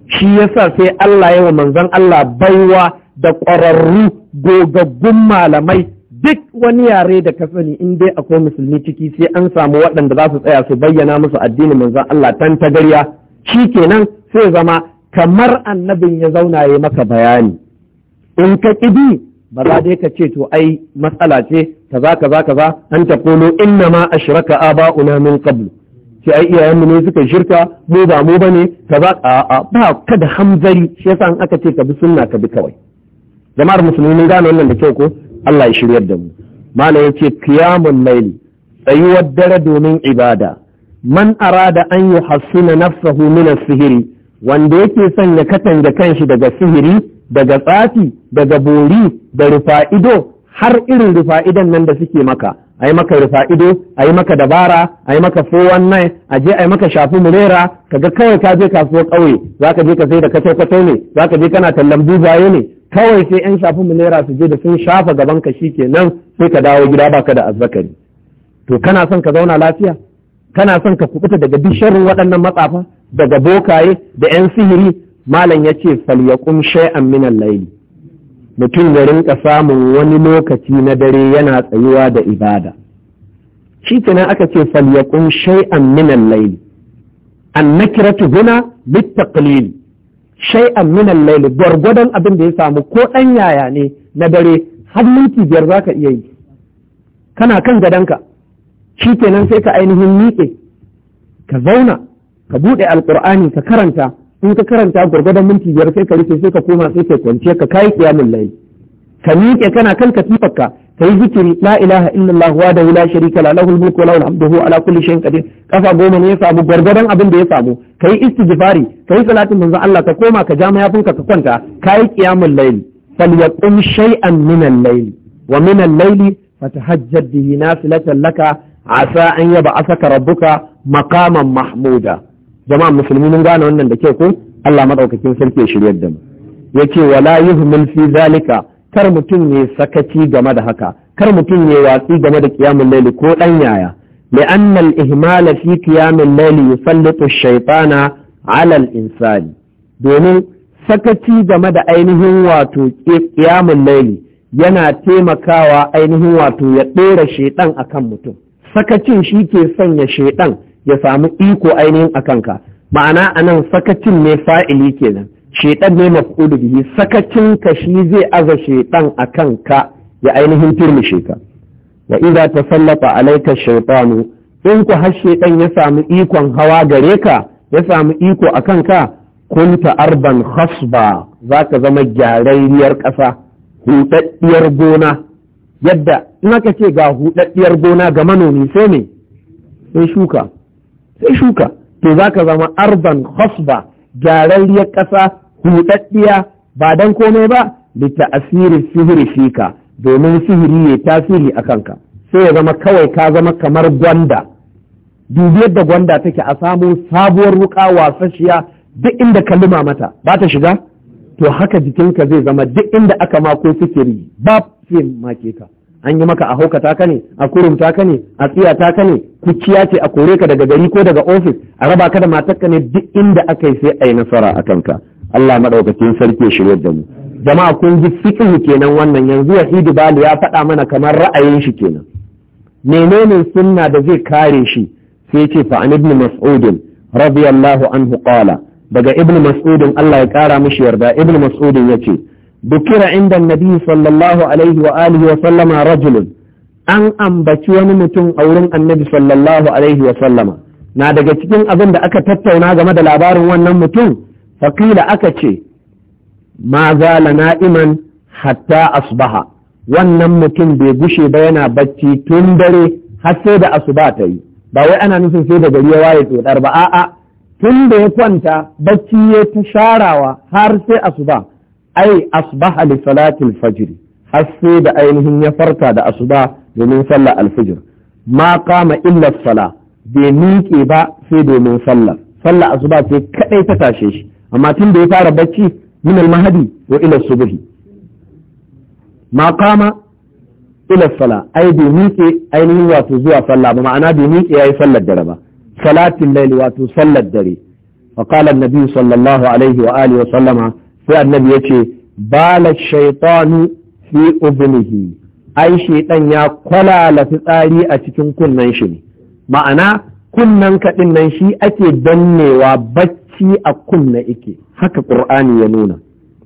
shi yasa sai Allah ya wa manzon Allah baiwa da ƙwararru gogaggun malamai duk wani yare da ka sani in dai akwai musulmi ciki sai an samu waɗanda za su tsaya su bayyana musu addinin manzon Allah tan ta gariya. shi kenan sai zama kamar annabin ya zauna ya maka bayani in ka kidi ba za dai ka ce to ai matsala ce ka za za ka za? an ta kolo inna ma ashraka aba'una min qablu ce ai iyayenmu ne suka shirka mu ba mu bane a a ba ka da hamzari shi yasa an aka ce ka bi sunna ka bi kawai jama'ar musulmi mun gane wannan da kyau ko Allah ya shiryar da mu mala ce kiyamun layli tsayuwar dare domin ibada man arada an yuhassina nafsahu min sihiri, wanda yake son ya katanga kanshi daga sihiri daga tsafi daga bori da rufa'ido har irin rufa'idan nan da suke maka a yi maka rufa ido a yi maka dabara a yi maka 419 a je a yi maka shafi ka kaga kawai ka je kasuwar ƙauye za ka je ka sai da kacau kacau ne za ka je kana tallan buzaye ne kawai sai yan shafi murera su je da sun shafa gaban ka shi ke nan, sai ka dawo gida ba ka da azzakari to kana son ka zauna lafiya kana son ka kubuta daga duk sharrin waɗannan matsafa daga bokaye da yan sihiri malam ya fal ya shay'an min al-layli mutum ya rinka samun wani lokaci na dare yana tsayuwa da ibada shi kenan aka ce falyakun shay'an minan Laili, Annakira annakiratu huna Shai'an shay'an Laili, al gwargwadon abin da ya samu ko ɗan yaya ne na dare har minti biyar zaka iya yi kana kan gadonka shi kenan sai ka ainihin miƙe ka zauna ka buɗe alƙur'ani ka karanta in ka karanta gwargwadon minti biyar sai ka rufe sai ka koma sai ka kwance ka kai kiyamin laili ka miƙe kana kan katifarka ka yi zikiri la ilaha illallah wa da la sharika la lahul mulku wa lahul hamdu ala kulli shay'in qadir kafa goma ne ya samu gwargwadon abin da ya samu ka yi istighfari ka yi salatin manzon Allah ka koma ka ja mayafinka ka kwanta ka yi qiyamul layl falyaqum shay'an min al-layl wa min al-layl fatahajjad bihi nafilatan laka asa an yab'athaka rabbuka maqaman mahmuda jama'a musulmi mun gane wannan da kyau ko Allah madaukakin sarki ya shiryar da mu yace wala yuhmil fi zalika kar mutum ne sakaci game da haka kar mutum ne watsi game da qiyamul layli ko dan yaya لأن الإهمال في قيام الليل يسلط الشيطان على الإنسان domin sakaci game da ainihin wato ƙiyamun laili yana taimakawa ainihin wato ya ɗora shaiɗan akan mutum sakacin shi ke sanya shaiɗan ya samu iko ainihin a kanka ma'ana anan sakacin ne fa'ili kenan shaitan ne maf'ulu bihi sakacin ka shi zai aza shaitan a kanka ya ainihin turmushe ka wa idza tasallata alayka shaytanu in ku har shaitan ya samu ikon hawa gare ka ya samu iko a kanka kunta arban khasba zaka zama gyararriyar ƙasa hudaddiyar gona yadda in aka ce ga hudaddiyar gona ga manomi sai ne sai shuka sai shuka to za ka zama arban khasba gyararriyar ƙasa huɗaɗɗiya ba dan komai ba da ta'asirin sihiri fika domin sihiri ya tasiri a kanka sai ya zama kawai ka zama kamar gwanda dubi yadda gwanda take a samo sabuwar ruka wasashiya duk inda ka luma mata ba ta shiga to haka jikinka zai zama duk inda aka mako sihiri ba sai make ka an yi maka a haukata ka ne a kurumta ka ne a tsiya ka ne kuciya ce a kore ka daga gari ko daga ofis a raba ka da matar ka ne duk inda aka yi sai a yi nasara a kanka Allah maɗaukacin sarki shirya da mu jama'a kun ji fiqhu kenan wannan yanzu Wahidu Bali ya faɗa mana kamar ra'ayin shi kenan menene sunna da zai kare shi sai ce fa an ibn mas'ud radiyallahu anhu qala daga ibn mas'ud Allah ya kara mishi yarda ibn mas'ud yace Bukira inda nabi sallallahu alaihi wa alihi wa sallama rajulun an ambaci wani mutum a wurin annabi sallallahu alaihi wa sallama na daga cikin abin da aka tattauna game da labarin wannan mutum fakila aka ce ma zala hatta asbaha wannan mutum bai gushe ba yana bacci tun dare har da asuba ta yi ba wai ana nufin sai da gari ya waye tsotsar ba a'a tun da ya kwanta bacci ya ta sharawa har sai asuba ai asbaha li salatil fajr har da ainihin ya farta da asuba domin sallar alfijir ma kama illa sala bai miƙe ba sai domin sallar sallar asuba sai kadai ta tashe shi amma tun bai ya fara bacci min al-mahdi wa ila subhi ma kama ila sala bai miƙe ainihin wato zuwa sallah ba ma'ana bai yayi sallar dare ba salatin laili wato sallar dare فقال النبي صلى الله عليه وآله وسلم sai annabi ya ce bala shaitanu fi ubnihi ai shaitan ya kwalala fitsari a cikin kunnen shi ne ma'ana kunnen kaɗin nan shi ake dannewa bacci a kunna ike haka ƙur'ani ya nuna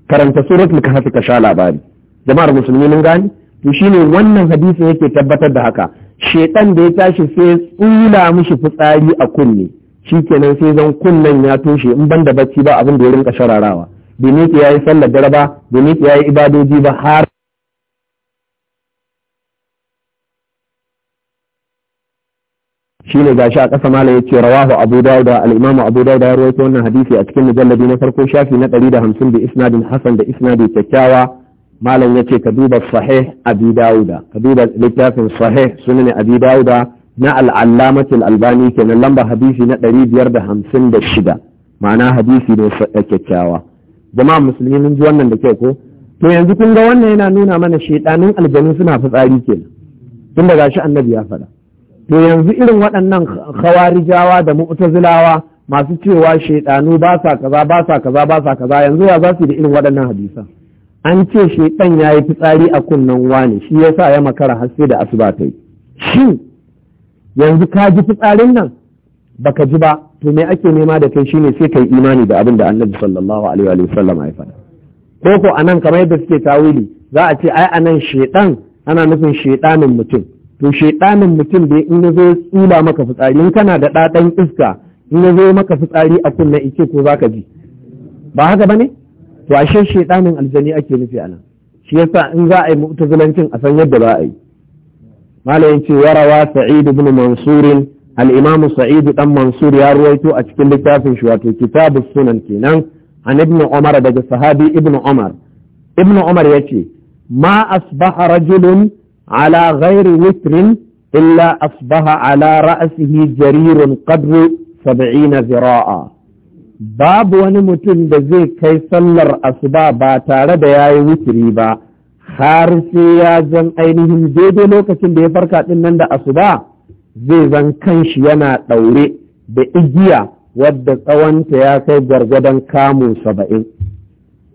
karanta suratul kahfi ka sha labari jama'ar musulmi mun gani to shine wannan hadisin yake tabbatar da haka shaitan da ya tashi sai tsula mishi fitsari a kunne shikenan sai zan kunnen ya toshe in ban da bacci ba abin da ya rinka shararawa binit ya yi sallar garaba, binit ya yi ibadoji ba har shi ne gashi a ƙasa mala ya ce rawahu abu dauda al-imamu abu dauda ya rawaito wannan hadisi a cikin mujalladi na farko shafi na ɗari da hamsin da isnadin hasan da isnadi kyakkyawa malam ya ce ka duba sahih abi dauda ka duba littafin sahih sunan abi dauda na al albani kenan lamba hadisi na ɗari biyar da hamsin da shida ma'ana hadisi ne kyakkyawa jama'a musulmi mun ji wannan da kyau ko to yanzu kun ga wannan yana nuna mana shedanin aljanu suna fitsari kenan tun da gashi annabi ya faɗa to yanzu irin waɗannan khawarijawa da mu'tazilawa masu cewa shedanu ba sa kaza ba sa kaza ba sa kaza yanzu ya za su da irin waɗannan hadisan an ce shedan ya yi fitsari a kunnen wani shi yasa ya makara har sai da asuba ta yi shin yanzu ka ji fitsarin nan baka ji ba to me ake nema da kai shine sai kai imani da abin da annabi sallallahu alaihi wa sallam ya faɗa ko ko anan kamar yadda suke tawili za a ce ai anan shedan ana nufin shedanin mutum to shedanin mutum bai in yazo tsula maka fitsari in kana da ɗaɗan iska in yazo maka fitsari a kunna ike ko zaka ji ba haka bane to ashe shedanin aljani ake nufi anan shi yasa in za a yi mu'tazilancin a san yadda za a yi malayin ce warawa sa'id ibn mansurin al-imam sa'id dan mansur ya ruwaito a cikin littafin shi wato kitabus sunan kenan an ibn umar daga sahabi ibn umar ibn umar ya ce ma asbaha rajulun ala ghairi witrin illa asbaha ala ra'sihi jarirun qadru 70 zira'a babu wani mutum da zai kai sallar asuba ba tare da yayi witri ba har sai ya zan ainihin daidai lokacin da ya farka din nan da asuba zai zan kanshi yana ɗaure da igiya wadda tsawonta ya kai gwargwadon kamu saba'in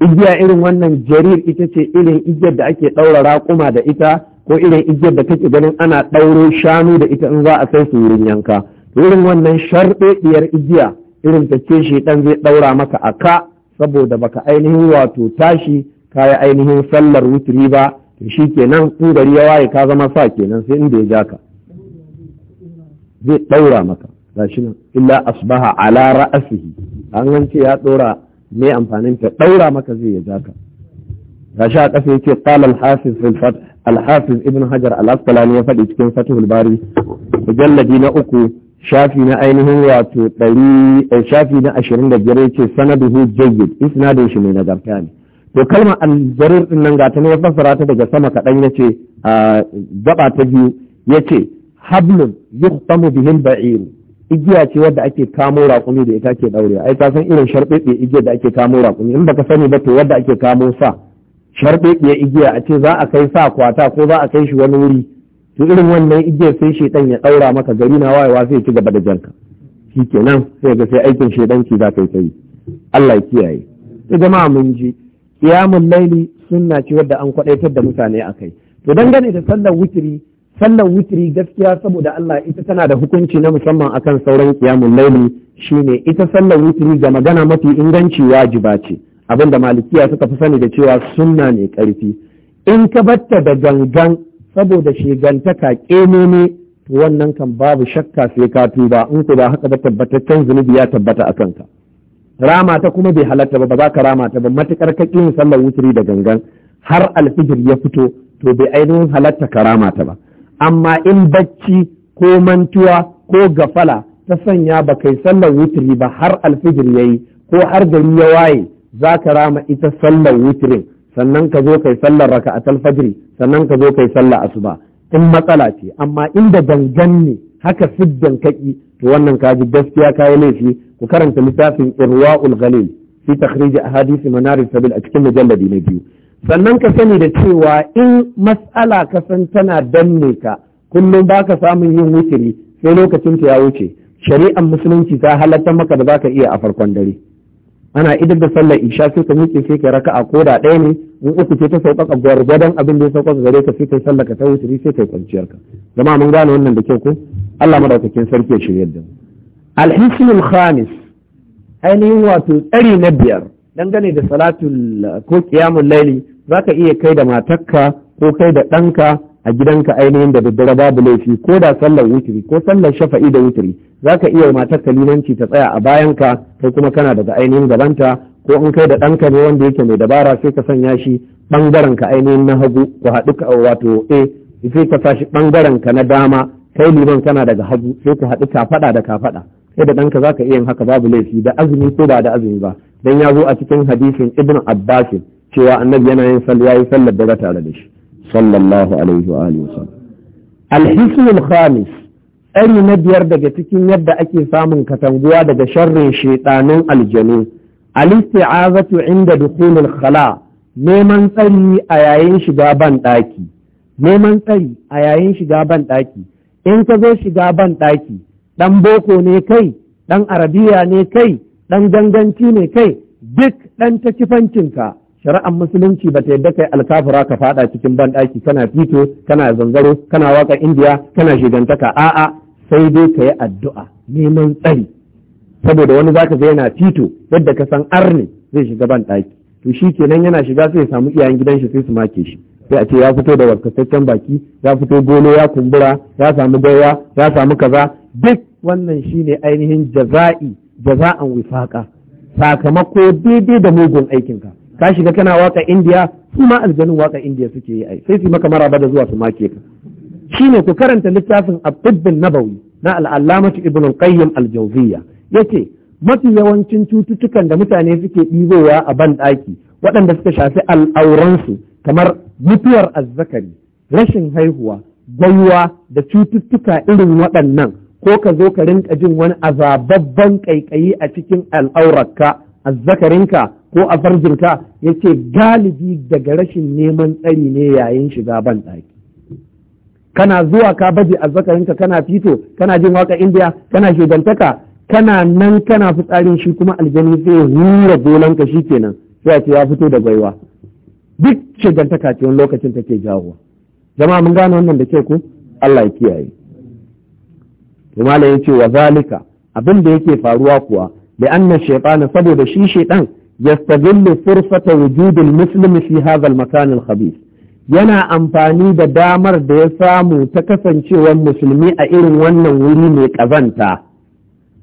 igiya irin wannan jarir ita ce irin igiyar da ake ɗaura raƙuma da ita ko irin igiyar da kake ganin ana ɗauro shanu da ita in za a kai su wurin yanka irin wannan sharɗeɗiyar igiya irin ta ce shi ɗan zai ɗaura maka a ka saboda baka ainihin wato tashi ka yi ainihin sallar wuturi ba shi kenan in gari ya waye ka zama sa kenan sai inda ya ja ka zai ɗaura maka gashi nan illa asbaha ala ra'asihi an an ya ɗora me amfanin ta ɗaura maka zai ya jaka gashi a ƙasa yake qala al-hafiz fil fath al-hafiz ibn hajar al-asqalani ya faɗi cikin fathul bari mujalladi na uku shafi na ainihin wato ɗari eh, shafi na ashirin da biyar yace sanaduhu jayyid isnadin shi mai nagarta ne to kalmar aljarir din nan gata ne ya fassara ta daga sama kaɗan ya ce gaba ta biyu ya ce hablun yuhtamu bihil ba'ir igiya ce wadda ake kamo raƙumi da ita ke daure ai ka san irin sharɓeɓe igiya da ake kamo raƙumi in baka sani ba to wadda ake kamo sa sharɓeɓe igiya a ce za a kai sa kwata ko za a kai shi wani wuri to irin wannan igiyar sai shedan ya daura maka gari na wayewa sai ci gaba da janka shikenan sai ga sai aikin ki za ka yi Allah ya kiyaye to jama'a mun ji qiyamul laili sunna ce wadda an kwadaitar da mutane akai to dangane da sallar witiri sallar witri gaskiya saboda Allah ita tana da hukunci na musamman akan sauran kiyamun laili shine ita sallar witri ga magana mafi inganci wajiba ce abinda malikiya suka fi sani da cewa sunna ne karfi in ka batta da gangan saboda shigantaka kememe to wannan kan babu shakka sai ka tuba in ku ba haka ba tabbataccen zunubi ya tabbata a kanka rama ta kuma bai halatta ba ba za ka rama ta ba matukar ka yin sallar witri da gangan har alfijir ya fito to bai ainihin halatta ka rama ta ba amma in bacci ko mantuwa ko gafala ta sanya ba kai sallar wutiri ba har alfijir ya yi ko har gari ya waye za ka rama ita sallar wutirin sannan ka zo kai sallar raka a talfajiri sannan ka zo kai sallar asuba in matsala ce amma inda da ne haka siddan kaki to wannan kaji gaskiya kayi laifi ku karanta littafin irwa'ul ghalil fi takhrij ahadith manar sabil a cikin mujalladi na biyu sannan ka sani da cewa in matsala ka san tana danne ka kullum ba ka samun yin wuturi, sai lokacin ta ya wuce shari'ar musulunci ta halatta maka da baka iya a farkon dare ana idan da sallar isha sai ka miƙe sai ka raka a koda ɗaya ne in uku ce ta sauƙaƙa gwargwadon abin da ya sauƙaƙa gare ka sai ka sallar ka ta wutiri sai ka kwanciyar ka mun gane wannan da kyau ko Allah madaukakin sarki ya shirya da mu alhisnul khamis ainihin wato tsari na biyar dangane da salatul ko qiyamul laili za ka iya kai da matakka ko kai da ɗanka a gidanka ainihin da daddare babu laifi ko da sallar wutiri ko sallar shafa'i da wutiri za ka iya matakka limanci ta tsaya a bayanka kai kuma kana daga ainihin gabanta ko in kai da ɗanka ne wanda yake mai dabara sai ka sanya shi ɓangaren ka ainihin na hagu ku haɗu ka wato eh sai ka sa shi ɓangaren ka na dama kai liman kana daga hagu sai ka haɗu kafaɗa da kafaɗa Kai da ɗanka za ka iya yin haka babu laifi da azumi ko ba da azumi ba dan ya zo a cikin hadisin ibn abbasin cewa annabi yana yin sallah yayi sallar daga tare da shi sallallahu alaihi wa alihi wasallam al-hisnul khamis tsari na biyar daga cikin yadda ake samun katanguwa daga sharrin shaiɗanun aljanu al-isti'azatu inda dukhulil khala neman tsari a yayin shiga ban neman tsari a yayin shiga ban in ka zo shiga ban ɗan boko ne kai ɗan arabiya ne kai ɗan ganganci ne kai duk ɗan ta kifancinka shari'ar musulunci ba ta yadda kai alkafura ka fada cikin banɗaki kana fito kana zanzaro kana waka indiya kana shigantaka a'a sai dai ka yi addu'a neman tsari saboda wani zaka ga yana fito yadda ka san arne zai shiga banɗaki to shi kenan yana shiga sai ya samu iyayen gidan shi sai su make shi sai a ce ya fito da warkataccen baki ya fito golo ya kumbura ya samu gaiwa ya samu kaza duk wannan shine ainihin jaza'i jaza'an wifaka sakamako daidai da mugun aikinka ka shiga kana waka indiya su ma aljanin waka indiya suke yi ai sai su maka maraba da zuwa su make ka shine ku karanta littafin abdubbin nabawi na al'allamatu ibn qayyim al-jawziyya yace mafi yawancin cututtukan da mutane suke ɗibowa a ban waɗanda suka shafi al'auransu kamar mutuwar azzakari rashin haihuwa gwaiwa da cututtuka irin waɗannan ko ka zo ka rinka jin wani azababban ƙaiƙayi a cikin al'aurarka azzakarinka ko a farjinka ya ce galibi daga rashin neman tsari ne yayin shiga ban ɗaki kana zuwa ka baje a zakarinka kana fito kana jin waka indiya kana shugantaka kana nan kana fitsarin shi kuma aljani zai ya hura bolanka shi kenan sai a ce ya fito da gwaiwa duk shugantaka ce wani lokacin take jawowa Zama mun gane wannan da ke ku Allah ya kiyaye Imala ya ce wa zalika abin da yake faruwa kuwa da anna shaytana saboda shi shaytan yastazillu fursata wujudul musulmi fi hadha al-makan yana amfani da damar da ya samu ta kasancewar musulmi a irin wannan wuri mai kazanta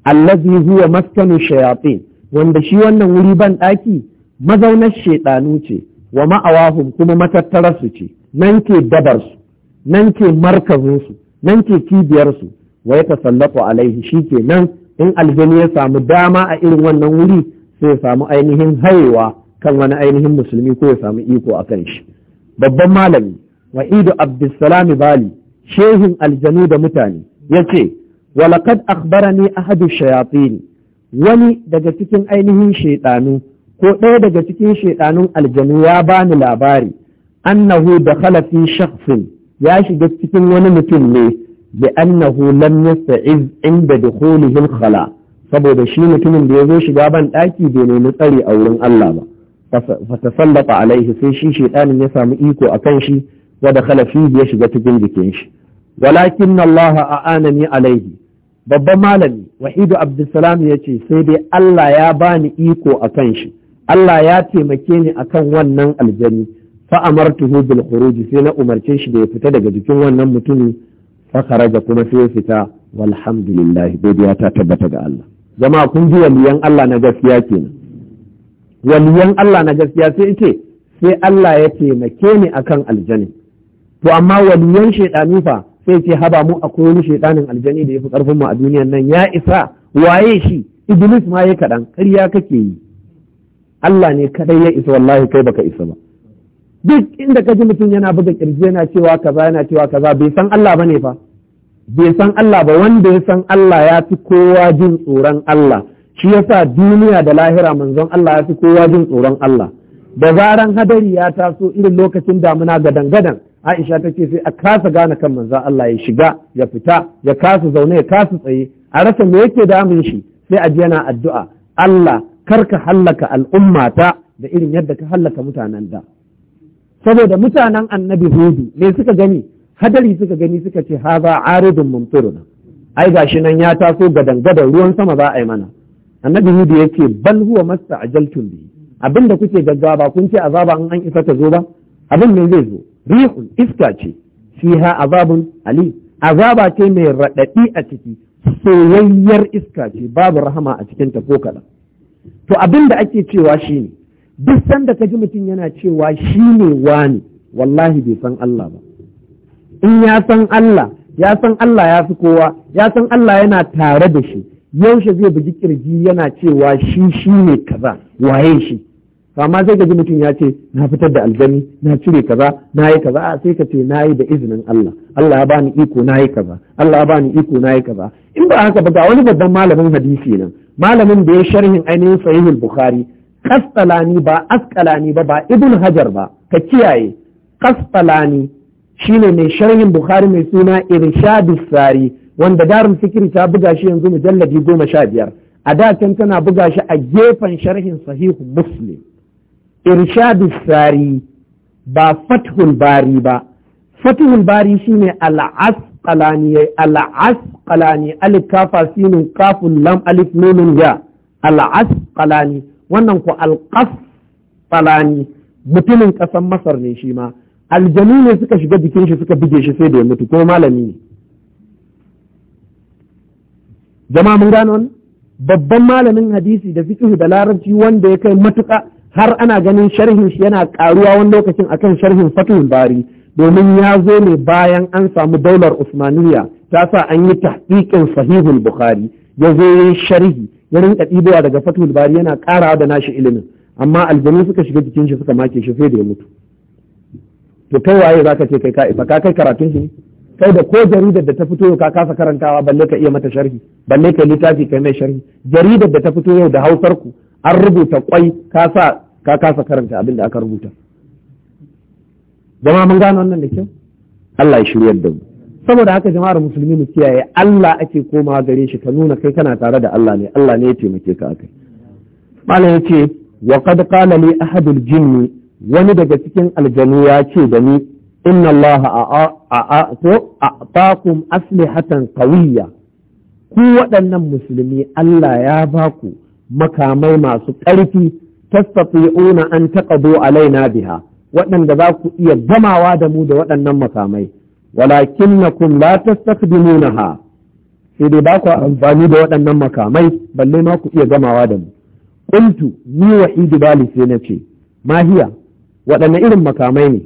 allazi huwa maskanu shayatin wanda shi wannan wuri banɗaki? daki mazaunar ce wa ma'awahum kuma matattararsu ce nan ke dabarsu nan ke markazinsu nan ke kibiyarsu wa ya tasallatu alaihi shi ke nan in aljani ya samu dama a irin wannan wuri sai ya samu ainihin haiwa kan wani ainihin musulmi ko ya samu iko a kan shi babban malami wa'idu abdulsalam bali shehin aljanu da mutane ya ce walakad akhbarani ahadu shayatin wani daga cikin ainihin shaidanu ko ɗaya daga cikin shaidanun aljanu ya bani labari annahu da fi shakhsin ya shiga cikin wani mutum ne bi annahu lam yasta'iz inda dukhulihi al-khala' saboda shi mutumin da ya zo shiga ban ɗaki bai nemi tsari a wurin Allah ba sallafa alaihi sai shi shaidanin ya samu iko a kan shi da khalafi ya shiga cikin jikin shi walakin Allah a'anani alaihi babban malami wahidu abdulsalam ya ce sai dai Allah ya bani iko a kan shi Allah ya taimake ni akan wannan aljani fa amartuhu bil khuruj sai na umarce shi da ya fita daga jikin wannan mutumin, fa kharaja kuma sai ya fita walhamdulillah godiya ta tabbata ga Allah jama'a kun ji waliyan Allah na gaskiya kenan waliyan Allah na gaskiya sai ce sai Allah ya taimake ni akan aljani to amma waliyan shaitani fa sai ce haba mu akwai wani shaitanin aljani da yafi karfin mu a duniyan nan ya isa waye shi iblis ma ya kaɗan ƙarya kake yi Allah ne kadai ya isa wallahi kai baka isa ba duk inda ka ji mutum yana buga kirji yana cewa kaza yana cewa kaza bai san Allah bane fa bai san Allah ba wanda ya san Allah ya fi kowa jin tsoron Allah shi yasa duniya da lahira manzon Allah ya fi kowa jin tsoron Allah da zaran hadari ya taso irin lokacin damuna gadan gadan Aisha ta ce sai a kasa gane kan manzon Allah ya shiga ya fita ya kasa zaune ya kasa tsaye a rasa me yake damun shi sai a yana addu'a Allah kar ka hallaka al'ummata da irin yadda ka hallaka mutanen da saboda mutanen annabi hudu me suka gani hadari suka gani suka ce haza aridun mumtiruna ai gashi nan ya taso gadan gadan ruwan sama za a yi mana annabi hudu yake bal huwa masta'ajaltum bi da kuke gaggawa ba kun ce azaba in an isa ta zo ba abin mai zai zo rihun iska ce ha azabun ali azaba ce mai raɗaɗi a ciki soyayyar iska ce babu rahama a cikin ta ko kaɗan to abin da ake cewa shi ne, duk sanda ka ji mutum yana cewa shi ne wani wallahi bai san Allah ba in ya san Allah ya san Allah ya fi kowa ya san Allah yana tare da shi yaushe zai bugi kirji yana cewa shi shi ne kaza waye shi amma sai ka ji mutum ya ce na fitar da aljani na cire kaza na yi kaza a sai ka ce na yi da izinin Allah Allah ya bani iko na yi kaza Allah ya bani iko na yi kaza in ba haka ba ga wani babban malamin hadisi nan malamin da ya sharhin ainihin sahihul bukhari kastalani ba askalani ba ba ibn hajar ba ka kiyaye kastalani shine mai sharhin bukhari mai suna irshadu sari wanda darin fikiri ta buga shi yanzu mujalladi goma sha biyar a da can tana buga shi a gefen sharhin sahihu muslim irshadu sari ba fathul bari ba fathul bari shine al'asqalani al'as ƙalani kafa sinun kafun lam alif nunin ya ƙalani, wannan ku ƙalani, mutumin ƙasar masar ne shi ma aljanu ne suka shiga jikin shi suka buge shi sai da ya mutu ko malami ne jama'a mun gano wannan babban malamin hadisi da fiqh da larabci wanda ya kai matuƙa har ana ganin sharhin shi yana karuwa wani lokacin akan sharhin fatul bari domin ya zo ne bayan an samu daular usmaniya ta sa an yi tahqiqin sahihul bukhari ya zo ya sharhi ya rinka ɗibowa daga fatul bari yana ƙarawa da nashi ilimin amma aljanu suka shiga jikin shi suka make shi sai da ya mutu to kai waye za ka ce kai ka isa ka kai karatun shi kai da ko jaridar da ta fito yau ka kasa karantawa balle ka iya mata sharhi balle ka littafi kai mai sharhi jaridar da ta fito yau da hausar ku an rubuta kwai ka sa ka kasa karanta abin da aka rubuta jama'a mun gano wannan da kyau Allah ya shiryar da mu saboda haka jama'ar musulmi mu kiyaye Allah ake komawa gare shi ka nuna kai kana tare da Allah ne Allah ne ya taimake ka akai malam yace wa qad qala li ahadul jinni wani daga cikin aljanu ya ce da ni inna Allah a'taakum aslihatan kawiyya ku waɗannan musulmi Allah ya ba ku makamai masu ƙarfi tastati'una an taqadu alaina biha waɗanda za ku iya gamawa da mu da waɗannan makamai walakinnakum la tastakdimunaha sai dai ba ku amfani da waɗannan makamai balle ma ku iya gamawa da mu qultu ni wahidi bali sai na ce mahiya waɗanne irin makamai ne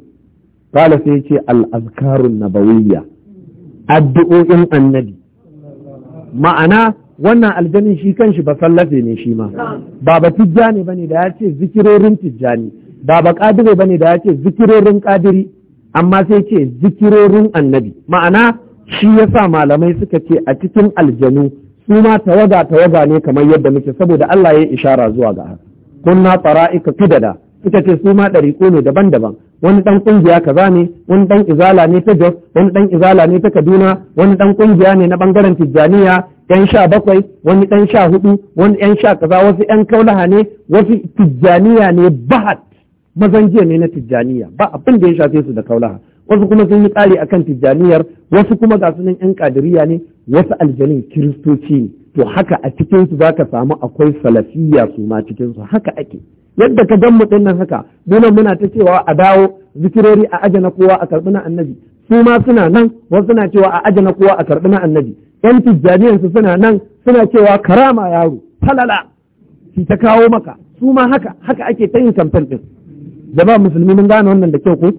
kala sai ce al'azkarun nabawiyya addu'o'in annabi ma'ana wannan aljanin shi kanshi ba sallafe ne shi ma ba ba ne da ya ce zikirorin tijjani ba ba ne bane da ya ce zikirorin kadiri amma sai ce zikirorin annabi ma'ana shi yasa malamai suka ce a cikin aljanu su ma tawaga tawaga ne kamar yadda muke saboda Allah ya ishara zuwa ga haka kunna fara'ika kudada ita ce su ma ɗariƙo ne daban-daban wani ɗan ƙungiya kaza ne wani ɗan izala ne ta Jos wani ɗan izala ne ta Kaduna wani ɗan ƙungiya ne na ɓangaren Tijjaniya Yan sha bakwai wani ɗan sha hudu wani ɗan sha kaza wasu ɗan kaulaha ne wasu Tijjaniya ne bahat mazan jiya ne na Tijjaniya ba abin da ya shafe su da kaulaha wasu kuma sun yi tsari akan Tijjaniyar wasu kuma ga sunan ƴan Kadiriya ne wasu aljanin Kiristoci ne to haka a cikinsu zaka samu akwai salafiya su ma cikinsu haka ake yadda ka gan mu dinnan haka dole muna ta cewa a dawo zikirori a aje na kowa a karbi na annabi su ma suna nan wasu suna cewa a aje na kowa a karbi na annabi yan tijjaniyan su suna nan suna cewa karama yaro talala shi ta kawo maka su ma haka haka ake ta yin kamfen din jama'a musulmi mun gane wannan da kyau ko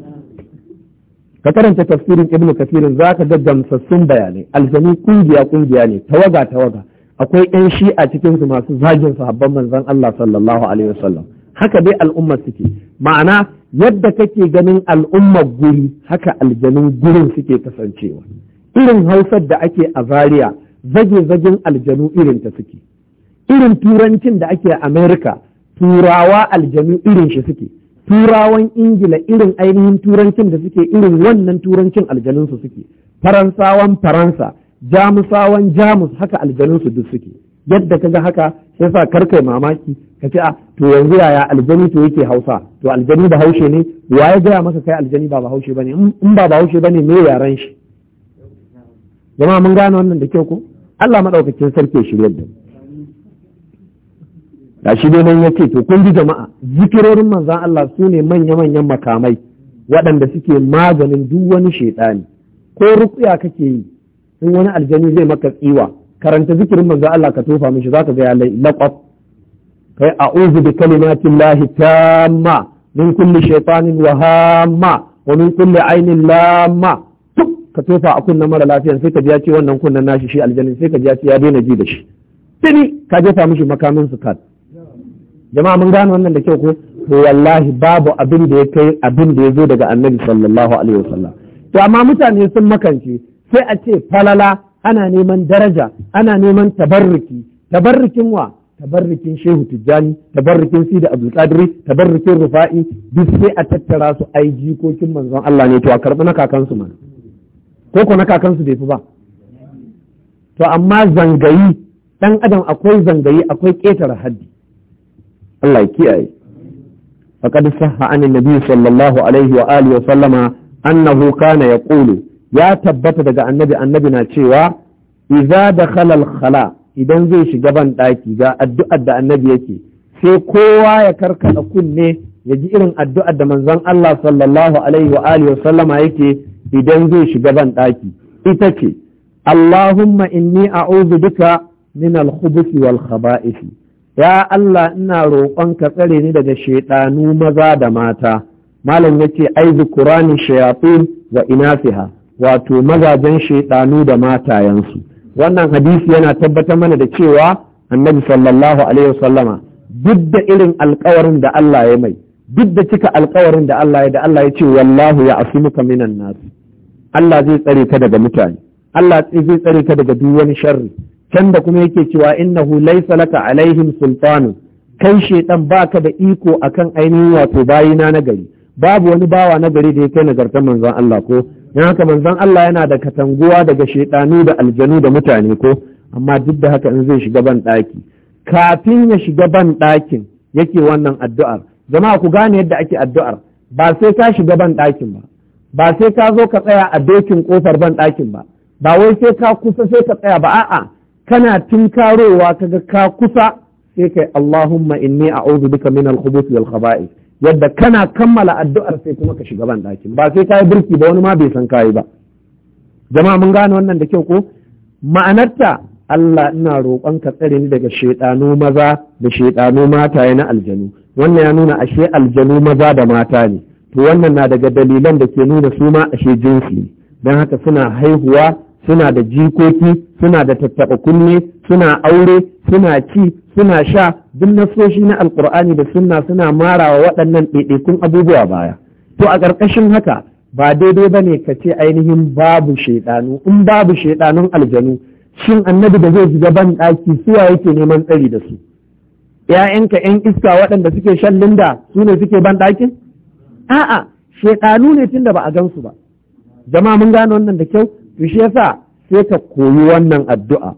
ka karanta tafsirin ibnu kafirin za ka ga gamsassun bayanai aljami kungiya kungiya ne tawaga tawaga akwai yan shi'a cikin su masu zagin sahabban manzon Allah sallallahu alaihi wasallam haka dai al'umma suke ma'ana yadda kake ganin al'ummar guri haka aljanun gurin suke kasancewa irin hausar da ake a zaria zage-zagen aljanu irin ta suke irin turancin da ake a amerika turawa aljanu irin shi suke turawan ingila irin ainihin turancin da suke irin wannan turancin aljanunsu suke faransawan faransa jamusawan jamus haka aljanunsu duk suke yadda ka ga haka sai sa karkai mamaki ka ce a ah, to yanzu yaya aljani to yake hausa to aljani ba haushe ne Wa ya gaya maka kai aljani ba ba haushe in ba ba haushe bane me yaran shi Zama mun gane wannan da kyau ko Allah madaukakin sarki shi yadda da shi ne nan yace to kun ji jama'a zikirorin manzon Allah su ne manya-manyan makamai waɗanda suke maganin duk wani shaidani ko rukuya kake yi in wani aljani zai maka tsiwa karanta zikirin manzo Allah ka tofa mishi zaka ga ya laqab kai a'udhu bi kalimatin lahi tamma min kulli shaytanin wa hamma wa min kulli ainin lamma ka tofa a kunnan mara lafiyar sai ka ji ya ce wannan kunnan nashi shi aljanin sai ka ji ya ce ya daina ji da shi tuni ka jefa mishi makamin su kan jama'a mun gano wannan da kyau ko to wallahi babu abin da ya kai abin da ya zo daga annabi sallallahu alaihi wasallam to amma mutane sun makance sai a ce falala ana neman daraja ana neman tabarruki tabarrukin wa tabarrukin shehu tijjani tabarrukin sida abdulkadiri tabarrukin rufa'i duk sai a tattara su ai jikokin manzon Allah ne to a karɓi na kakansu mana ko ko na kakansu bai fi ba to amma zangayi ɗan adam akwai zangayi akwai ƙetare haddi Allah ya kiyaye faqad sahha anan nabi sallallahu alaihi wa alihi wa sallama annahu kana yaqulu ya tabbata daga annabi annabi na cewa idza dakhala al-khala idan zai shiga ban ga addu'ar da annabi yake sai kowa ya karkada kunne ya ji irin addu'ar da manzon Allah sallallahu alaihi wa alihi yake idan zai shiga ban ɗaki ita ce Allahumma inni a'udhu duka min al-khubuth wal khaba'ith ya Allah ina roƙon ka tsare ni daga shaiɗanu maza da mata malam yace ai zukurani wa inasiha wato mazajen shaidanu da matayensu wannan hadisi yana tabbatar mana da cewa annabi sallallahu alaihi wasallama duk da irin alkawarin da Allah ya mai duk da cika alkawarin da Allah ya da Allah ya ce wallahu ya asumuka minan nas Allah zai tsare ka daga mutane Allah zai tsare ka daga duk wani sharri can da kuma yake cewa innahu laysa laka alaihim sultanu kai shedan baka da iko akan ainihin wato bayina na gari babu wani bawa na gari da ya kai nagartar manzon Allah ko don haka manzon Allah yana da katanguwa daga shaidanu da aljanu da mutane ko amma duk da haka in zai shiga ban ɗaki kafin ya shiga ban ɗakin yake wannan addu'ar zama ku gane yadda ake addu'ar ba sai ka shiga ban ɗakin ba ba sai ka zo ka tsaya a dokin kofar ban ɗakin ba ba wai sai ka kusa sai ka tsaya ba a'a kana tunkarowa kaga ka kusa sai kai Allahumma inni a'udhu bika min al-khubuth wal khaba'ith yadda kana kammala addu'ar sai kuma ka shiga ban ɗakin ba sai kayi birki ba wani ma bai san kayi ba jama'a mun gane wannan da kyau ko ma'anarta Allah ina roƙon ka tsare ni daga shaiɗanu maza da shaiɗanu mata na aljanu wannan ya nuna ashe aljanu maza da mata ne to wannan na daga dalilan da ke nuna su ma ashe jinsi ne don haka suna haihuwa suna da jikoki suna da tattaɓa kunne suna aure suna ci suna sha duk nasoshi na alkur'ani da sunna suna marawa waɗannan ɗaiɗaikun abubuwa baya to a ƙarƙashin haka ba daidai ba ne ka ce ainihin babu shaiɗanu in babu shaiɗanun aljanu shin annabi da zai shiga ban ɗaki suwa yake neman tsari da su ‘ya'yanka ‘yan iska waɗanda suke shan linda su ne suke ban ɗakin a'a shaiɗanu ne tunda ba a gansu ba Zama mun gane wannan da kyau to shi yasa sai ka koyi wannan addu'a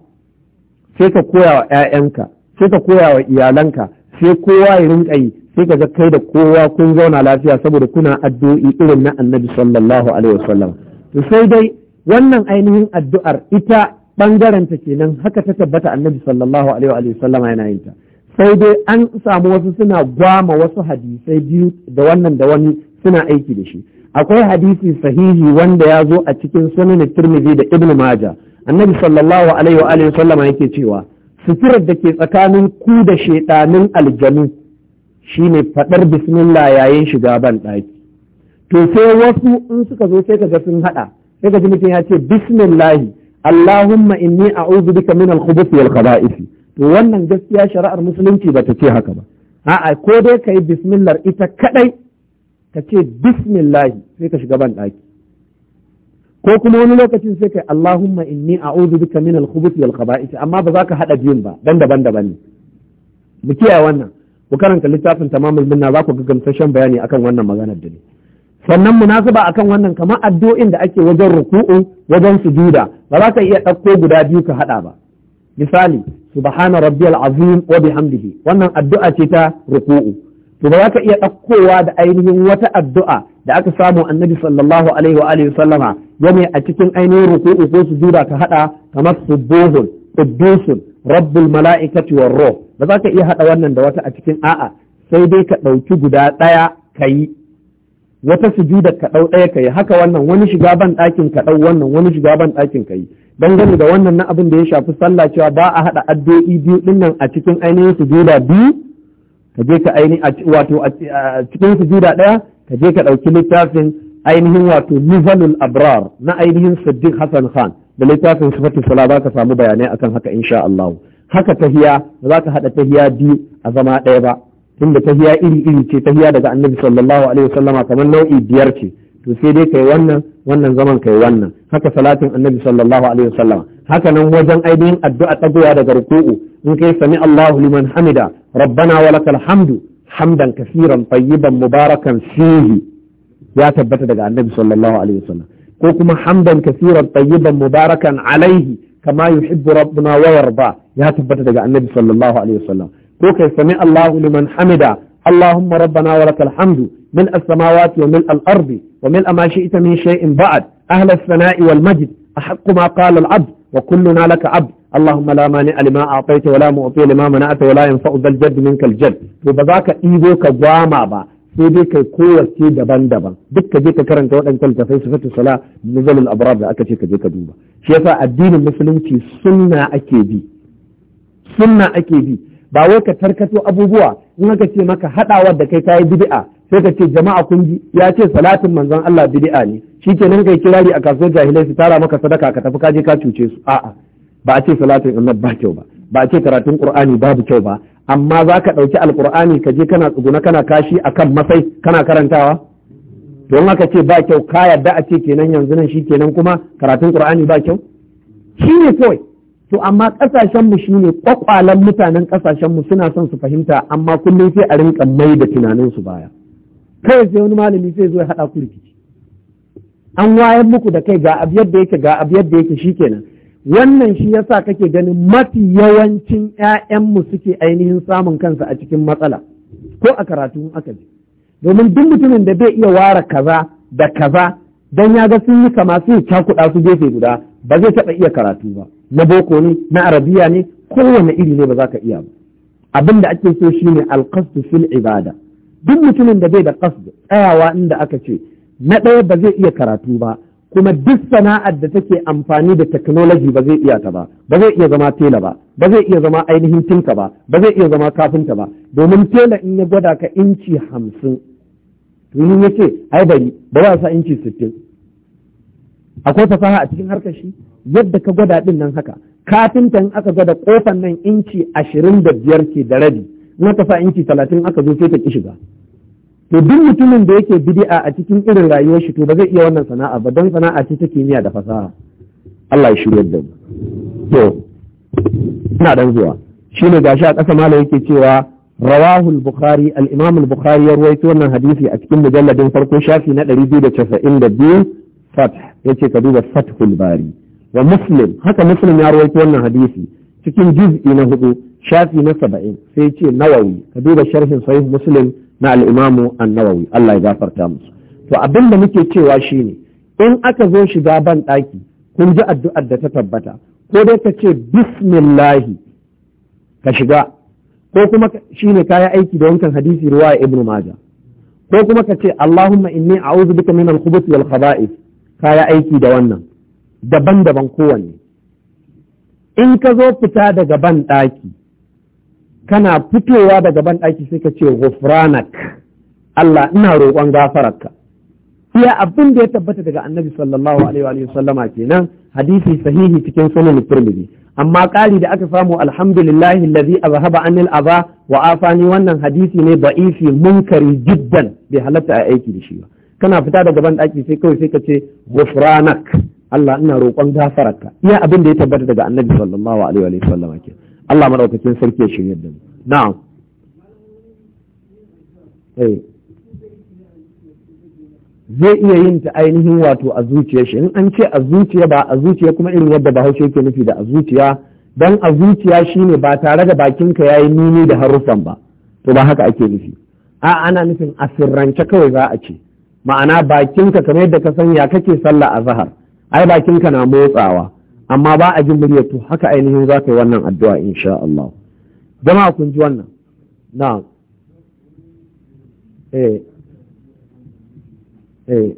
sai ka koya wa ‘ya'yanka sai ka koya wa iyalanka sai kowa ya rinka yi sai ka ga kai da kowa kun zauna lafiya saboda kuna addu'o'i irin na annabi sallallahu alaihi wasallam sai dai wannan ainihin addu'ar ita bangaren ta kenan haka ta tabbata annabi sallallahu alaihi wasallam yana yin ta sai dai an samu wasu suna gwama wasu hadisai biyu da wannan da wani suna aiki da shi akwai hadisi sahihi wanda ya zo a cikin sunan tirmidhi da ibnu majah annabi sallallahu alaihi wa alihi yake cewa suturar da ke tsakanin ku da shaiɗanun aljanu shine faɗar bismillah yayin shiga ban ɗaki to sai wasu in suka zo sai kaga sun haɗa sai ka ji mutum ya ce bismillahi allahumma inni a'udhu bika min al-khubuthi wal khaba'ith to wannan gaskiya shari'ar musulunci bata ce haka ba a'a ko dai kai bismillah ita kadai ka ce bismillahi sai ka shiga ban ɗaki ko kuma wani lokacin sai kai Allahumma inni a'udhu bika min al-khubuth wal khaba'ith amma ba za ka hada biyun ba dan daban-daban ne mu kiyaye wannan ku karanta littafin tamamul minna za ku ga gamsashen bayani akan wannan maganar da ni. sannan munasaba akan wannan kamar addu'o'in da ake wajen ruku'u wajen sujuda ba za ka iya ɗauko guda biyu ka haɗa ba misali subhana rabbiyal azim wa bihamdihi wannan addu'a ce ta ruku'u to ba za ka iya ɗaukowa da ainihin wata addu'a da aka samu annabi sallallahu alaihi wa alihi sallama game a cikin ainihin ruku'u ko sujuda ka haɗa kamar subuhun quddusun rabbul mala'ikati war ruh ba za ka iya haɗa wannan da wata a cikin a'a sai dai ka ɗauki guda ɗaya ka yi wata sujuda ka ɗau ɗaya ka yi haka wannan wani shiga ban ɗakin ka ɗau wannan wani shiga ban ka yi gani da wannan na abin da ya shafi sallah cewa ba a haɗa addu'o'i biyu ɗin a cikin ainihin sujuda biyu ka je ka ainihin wato a cikin sujuda ɗaya ka je ka ɗauki littafin ainihin wato nizalul abrar na ainihin siddiq hassan khan da littafin sifatul sala za ka samu bayanai akan haka insha Allah haka tahiya za ka hada tahiya biyu a zama ɗaya ba tunda tahiya iri iri ce tahiya daga annabi sallallahu alaihi kamar nau'i biyar ce to sai dai kai wannan wannan zaman kai wannan haka salatin annabi sallallahu alaihi haka nan wajen ainihin addu'a tagowa daga ruku'u in kai sami Allahu liman hamida rabbana walakal hamdu hamdan kasiran tayyiban mubarakan fihi ya tabbata daga annabi sallallahu alaihi wasallam ko kuma hamdan kasiran tayyiban mubarakan alaihi kama yuhibbu rabbuna wa yarda ya tabbata daga annabi sallallahu alaihi wasallam ko kai sami Allahu liman hamida اللهم ربنا ولك الحمد ملء wa min الأرض وملء min شئت من شيء بعد أهل الثناء والمجد أحق ما قال العبد وكلنا لك عبد اللهم لا مانع لما أعطيت ولا معطي لما منعت ولا ينفع ذا الجد منك الجد وبذاك إيبوك واما sai dai kai kowace daban-daban duk ka je ka karanta waɗancan littafai su fata sala nuzalul abrar da aka ce ka je ka duba shi yasa addinin musulunci sunna ake bi sunna ake bi ba wai ka tarkato abubuwa in aka ce maka haɗawa da kai yi bid'a sai ka ce jama'a kun ji ya ce salatin manzon Allah bid'a ne shikenan kai kirari a kasuwar jahilai su tara maka sadaka ka tafi ka je ka cuce su a'a ba a ce salatin annab ba kyau ba ba a ce karatun qur'ani babu kyau ba amma za ka ɗauki alkur'ani ka je kana tsuguna kana kashi a kan masai kana karantawa don haka ce ba kyau ka yarda a ce kenan yanzu nan shi kenan kuma karatun qur'ani ba kyau shi ne kawai to amma ƙasashenmu mu ne kwakwalan mutanen ƙasashen mu suna son su fahimta amma kullum sai a rinka mai da tunanin su baya kai sai wani malami sai zo ya hada ku rikici an wayar muku da kai ga abu yadda yake ga abu yadda yake shikenan wannan shi yasa kake ganin mafi yawancin 'ya'yanmu suke ainihin samun kansa a cikin matsala ko a karatu aka ji domin duk mutumin da bai iya ware kaza da kaza don ya ga sun yi kama su cakuɗa su gefe guda ba zai taɓa iya karatu ba na boko ne na arabiya ne kowane iri ne ba za ka iya ba abin da ake so shine alkasdu fil ibada duk mutumin da bai da qasd tsayawa inda aka ce na ɗaya ba zai iya karatu ba kuma duk sana'ar da take amfani da technology ba zai iya ta ba ba zai iya zama tela ba ba zai iya zama ainihin tinka ba ba zai iya zama kafinta ba domin tela in ya gwada ka inci hamsin to ya ce ai bari ba za sa inci sittin akwai fasaha a cikin harkar shi yadda ka gwada din nan haka kafinta in aka gwada kofan nan inci ashirin da biyar ke da rabi in aka sa inci talatin aka zo sai ta ki shiga to duk mutumin da yake bid'a a cikin irin rayuwar shi to ba zai iya wannan sana'a ba don sana'a ce ta kimiyya da fasaha Allah ya shirya da mu to ina dan zuwa shine gashi a ƙasa malam yake cewa rawahu al-bukhari al-imam al-bukhari ya ruwaito wannan hadisi a cikin mujalladin farko shafi na 292 fath yace ka duba fathul bari wa muslim haka muslim ya ruwaito wannan hadisi cikin juz'i na hudu shafi na 70 sai yace nawawi ka duba sharhin sahih muslim na al'imamu annawawi Allah ya gafarta musu to abin da muke cewa shine in aka zo shiga ban ɗaki kun ji addu'ar da ta tabbata ko dai ka ce bismillahi ka shiga ko kuma shine kayi aiki da wankan hadisi ruwa ibnu maja ko kuma ka ce allahumma inni a'udhu bika min al-khubuth wal khaba'ith kayi aiki da wannan daban-daban kowanne in ka zo fita daga ban ɗaki kana fitowa daga ban ɗaki sai ka ce ghufranak Allah ina roƙon gafararka iya abin da ya tabbata daga annabi sallallahu alaihi wa sallama kenan hadisi sahihi cikin sunan turmidi amma ƙari da aka samu alhamdulillahi allazi azhaba anil aza wa afani wannan hadisi ne da'ifi munkari jiddan bai halatta a aiki da shi ba kana fita daga ban ɗaki sai kawai sai ka ce ghufranak Allah ina roƙon gafararka iya abin da ya tabbata daga annabi sallallahu alaihi wa sallama kenan Allah maɗaukacin sarki ya shirya da mu na'am eh. zai iya yin ta ainihin wato a zuciya shi in an ce a zuciya ba a zuciya kuma irin yadda bahaushe ke nufi da a zuciya Don a zuciya shi ne ba tare da bakinka ya yi nuni da haruffan ba to ba haka ake nufi a ana nufin a sirrance kawai za a ce ma'ana bakinka kamar yadda ka sanya kake sallah a zahar ai bakinka na motsawa amma ba a jin muryar to haka ainihin za ka yi wannan addu'a insha Allah jama'a kun ji wannan na eh eh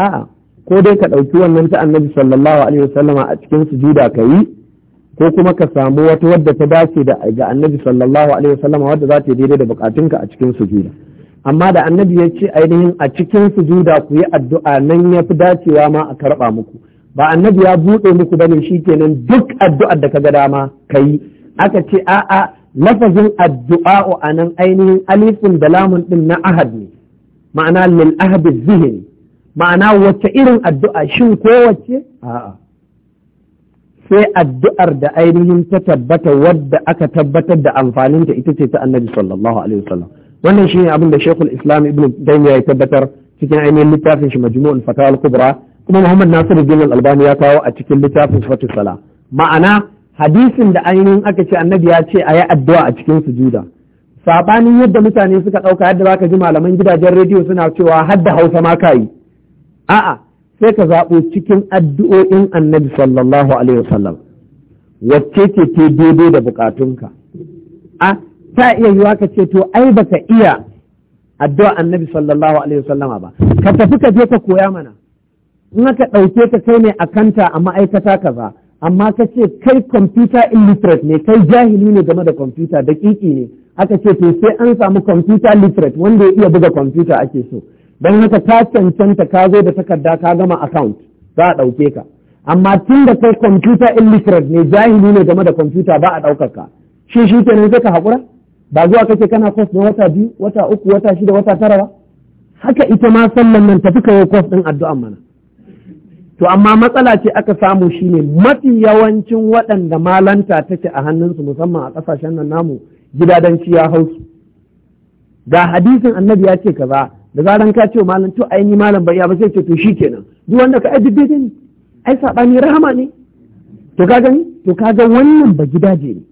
a'a ko dai ka ɗauki wannan ta annabi sallallahu alaihi wasallama a cikin sujuda ka yi ko kuma ka samu wata wadda ta dace da ga annabi sallallahu alaihi wasallama wadda za ta daidai da bukatunka a cikin sujuda amma da annabi ya ce ainihin a cikin sujuda ku yi addu'a nan ya fi dacewa ma a karɓa muku ba annabi ya buɗe muku bane shi kenan duk addu'ar da ka ga dama ka yi aka ce a'a lafazin addu'a a nan ainihin alifin da lamun ɗin na ahad ne ma'ana lil ahad zihin ma'ana wacce irin addu'a shin kowace a'a sai addu'ar da ainihin ta tabbata wadda aka tabbatar da amfaninta ita ce ta annabi sallallahu alaihi wasallam wannan shine abin da Sheikhul Islam Ibn Taymiyyah ya tabbatar cikin ainihin littafin shi Majmu'ul Fatawa al-Kubra kuma Muhammad Nasiru, Al-Albani ya kawo a cikin littafin Fatus Sala ma'ana hadisin da ainihin aka ce annabi ya ce a yi addu'a a cikin sujuda sabanin yadda mutane suka ɗauka yadda zaka ji malaman gidajen rediyo suna cewa har da Hausa ma kai a'a sai ka zaɓo cikin addu'o'in annabi sallallahu alaihi wasallam wacce ce ke daidai da bukatunka a ta iya yiwa ka ce to ai baka iya addu'a annabi sallallahu alaihi wasallama ba ka tafi ka je ka koya mana in aka ɗauke ka kai ne akanta a ma'aikata kaza amma ka ce kai computer illiterate ne kai jahili ne game da computer da kiki ne aka ce to sai an samu computer literate wanda ya iya buga computer ake so don haka ka cancanta ka zo da takarda ka gama account za a ɗauke ka amma tun da kai computer illiterate ne jahili ne game da computer ba a ɗaukar ka shi shi kenan sai ka haƙura ba zuwa kake kana kwas na wata biyu wata uku wata shida wata tara ba haka ita ma sallan nan tafi kawo kwas ɗin addu'an mana to amma matsala ce aka samu shine mafi yawancin waɗanda malanta take a hannunsu musamman a ƙasashen nan namu gidadanci ya hausu ga hadisin annabi ya ce kaza da zaran ka ce malam to ai ni malam bai ya ba sai ce to shikenan duk wanda ka ai daidai ne ai sabani rahama ne to ka gani to ka ga wannan ba gidaje ne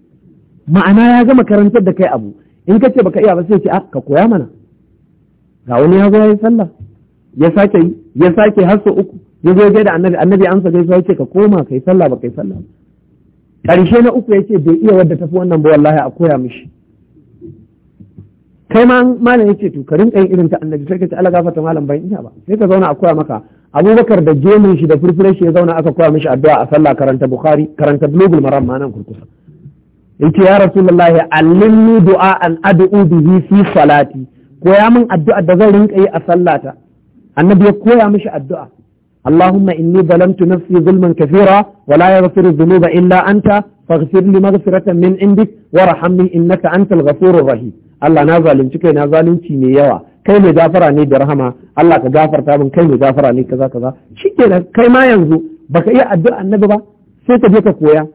ma'ana ya gama karantar da kai abu in ka ce baka iya ba sai ce ah, ka koya mana ga wani ya zo ya yi sallah ya sake yi ya sake har sau uku ya zo da annabi annabi an gaisuwa ya ce ka koma kai sallah ba kai sallah karshe na uku ya ce bai iya wadda tafi wannan ba wallahi a koya mishi kai ma malam ya ce to ka rinka yin irin ta annabi sai ka ce Allah gafarta malam ban iya ba sai ka zauna a koya maka abubakar da gemun shi da furfurar shi ya zauna aka koya mishi addu'a a sallah karanta bukhari karanta bulugul maram ma nan kurkusa yake ya rasu lallahi allimni du'a an ad'u bihi fi salati koya min addu'a da zan rinka yi a sallata annabi ya koya mashi addu'a Allahuma inni zalamtu nafsi zulman kathira Wala ya yaghfiru dhunuba illa anta faghfir li maghfiratan min indik wa rahmi innaka antal ghafurur allah na zalunci kai na zalunci ne yawa kai ne gafara ne da rahama allah ka gafarta min kai ne gafara ne kaza kaza shikenan kai ma yanzu baka iya addu'a annabi ba sai ka je ka koya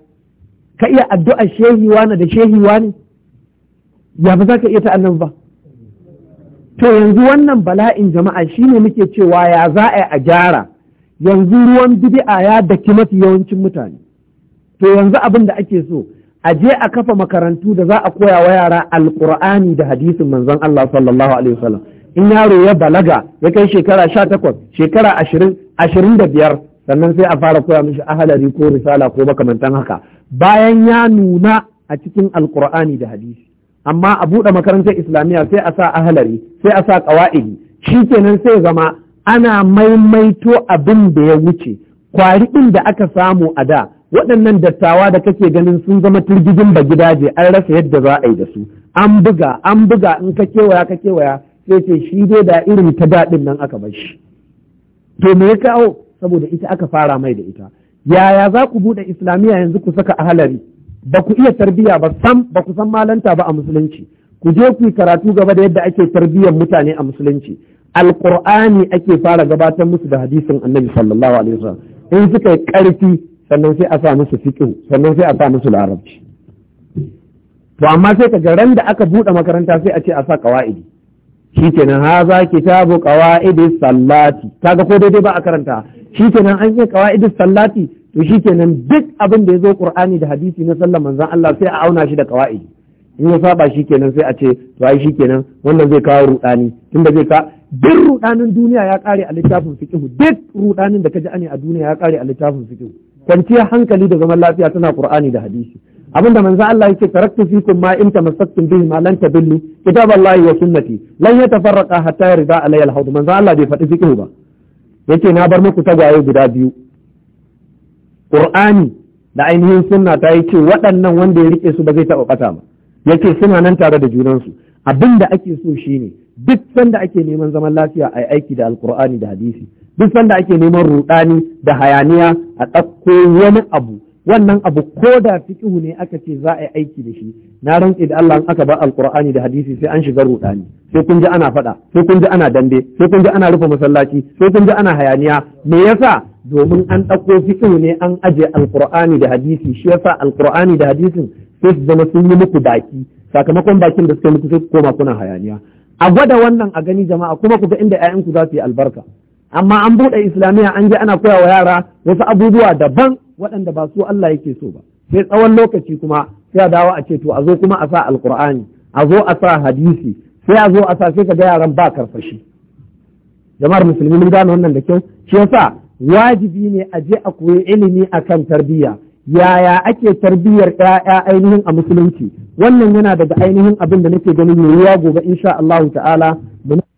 ka iya addu'ar shehi wani da shehi wani ya ba za ka iya ta ba to yanzu wannan bala'in jama'a shine muke cewa ya za a yi a gyara yanzu ruwan bid'a ya daki mafi yawancin mutane to yanzu abin da ake so a je a kafa makarantu da za a koya wa yara alqur'ani da hadisin manzon Allah sallallahu alaihi wasallam in yaro ya balaga ya kai shekara sha takwas, shekara ashirin, ashirin da biyar, sannan sai a fara koya mishi ahalari ko risala ko makamantan haka bayan ya nuna a cikin alkur'ani da hadisi amma a buɗe makarantar islamiyya sai a sa ahalari sai a sa ƙawa'idi shi kenan sai zama ana maimaito abin da ya wuce kwari ɗin da aka samu a da waɗannan dattawa da kake ganin sun zama turgijin ba gidaje an rasa yadda za a yi da su an buga an buga in ka kewaya ka kewaya sai ce shi dai da irin ta daɗin nan aka bar shi to me ya kawo saboda ita aka fara mai da ita yaya za ku buɗe islamiyya yanzu ku saka ahalari ba ku iya tarbiyya ba sam ba ku san malanta ba a musulunci ku je ku yi karatu gaba da yadda ake tarbiyyar mutane a musulunci alqur'ani ake fara gabatar musu da hadisin annabi sallallahu alaihi wasallam in suka yi karfi sannan sai a sa musu fiqh sannan sai a sa musu larabci to amma sai ka ga da aka buɗe makaranta sai a ce a sa qawaidi shikenan haza kitabu qawaidis sallati kaga ko daidai ba a karanta shikenan an yi qawaidis sallati to shikenan duk abin da ya zo qur'ani da hadisi na sallan manzon Allah sai a auna shi da qawaid in ya saba shikenan sai a ce to ai shikenan wannan zai kawo rudani tunda zai ka duk rudanin duniya ya kare a littafin fiqh duk rudanin da kaji ani a duniya ya kare a littafin fiqh kwanciyar hankali da zaman lafiya tana qur'ani da hadisi abinda manzo Allah yake taraktu fikum ma in tamassaktum bihi ma lan tabillu kitaballahi wa sunnati lan yatafarraqa hatta yarda alayhi al-hawd manzo Allah bai faɗi fiqh ba yake na bar muku tagwaye guda biyu Qur'ani da ainihin sunna ta yi ce waɗannan wanda ya rike su ba zai taɓa ɓata ba yake suna nan tare da junansu abin da ake so shine duk sanda ake neman zaman lafiya a aiki da alkur'ani da hadisi duk sanda ake neman ruɗani da hayaniya a ɗauko wani abu wannan abu ko da ne aka ce za a yi aiki da shi na rantsi da Allah in aka ba alqur'ani da hadisi sai an shiga rudani sai kun ji ana fada sai kun ji ana dambe sai kun ji ana rufe masallaci sai kun ji ana hayaniya me yasa domin an ɗauko fiqhu ne an aje alqur'ani da hadisi shi yasa alqur'ani da hadisin sai su zama sun yi muku baki sakamakon bakin da suka muku sai koma kuna hayaniya a gwada wannan a gani jama'a kuma ku ga inda 'ya'yanku za su yi albarka amma an buɗe islamiyya an je ana koya wa yara wasu abubuwa daban waɗanda ba su Allah yake so ba sai tsawon lokaci kuma sai a dawo a ce to a zo kuma a sa alkur'ani a zo a sa hadisi sai a zo a sa sai ka ga yaran ba karfashi jama'ar musulmi mun gane wannan da kyau shi yasa wajibi ne a je a koyi ilimi akan tarbiyya yaya ake tarbiyyar 'ya'ya ainihin a musulunci wannan yana daga ainihin abin da nake ganin yiwuwa gobe insha Allah ta'ala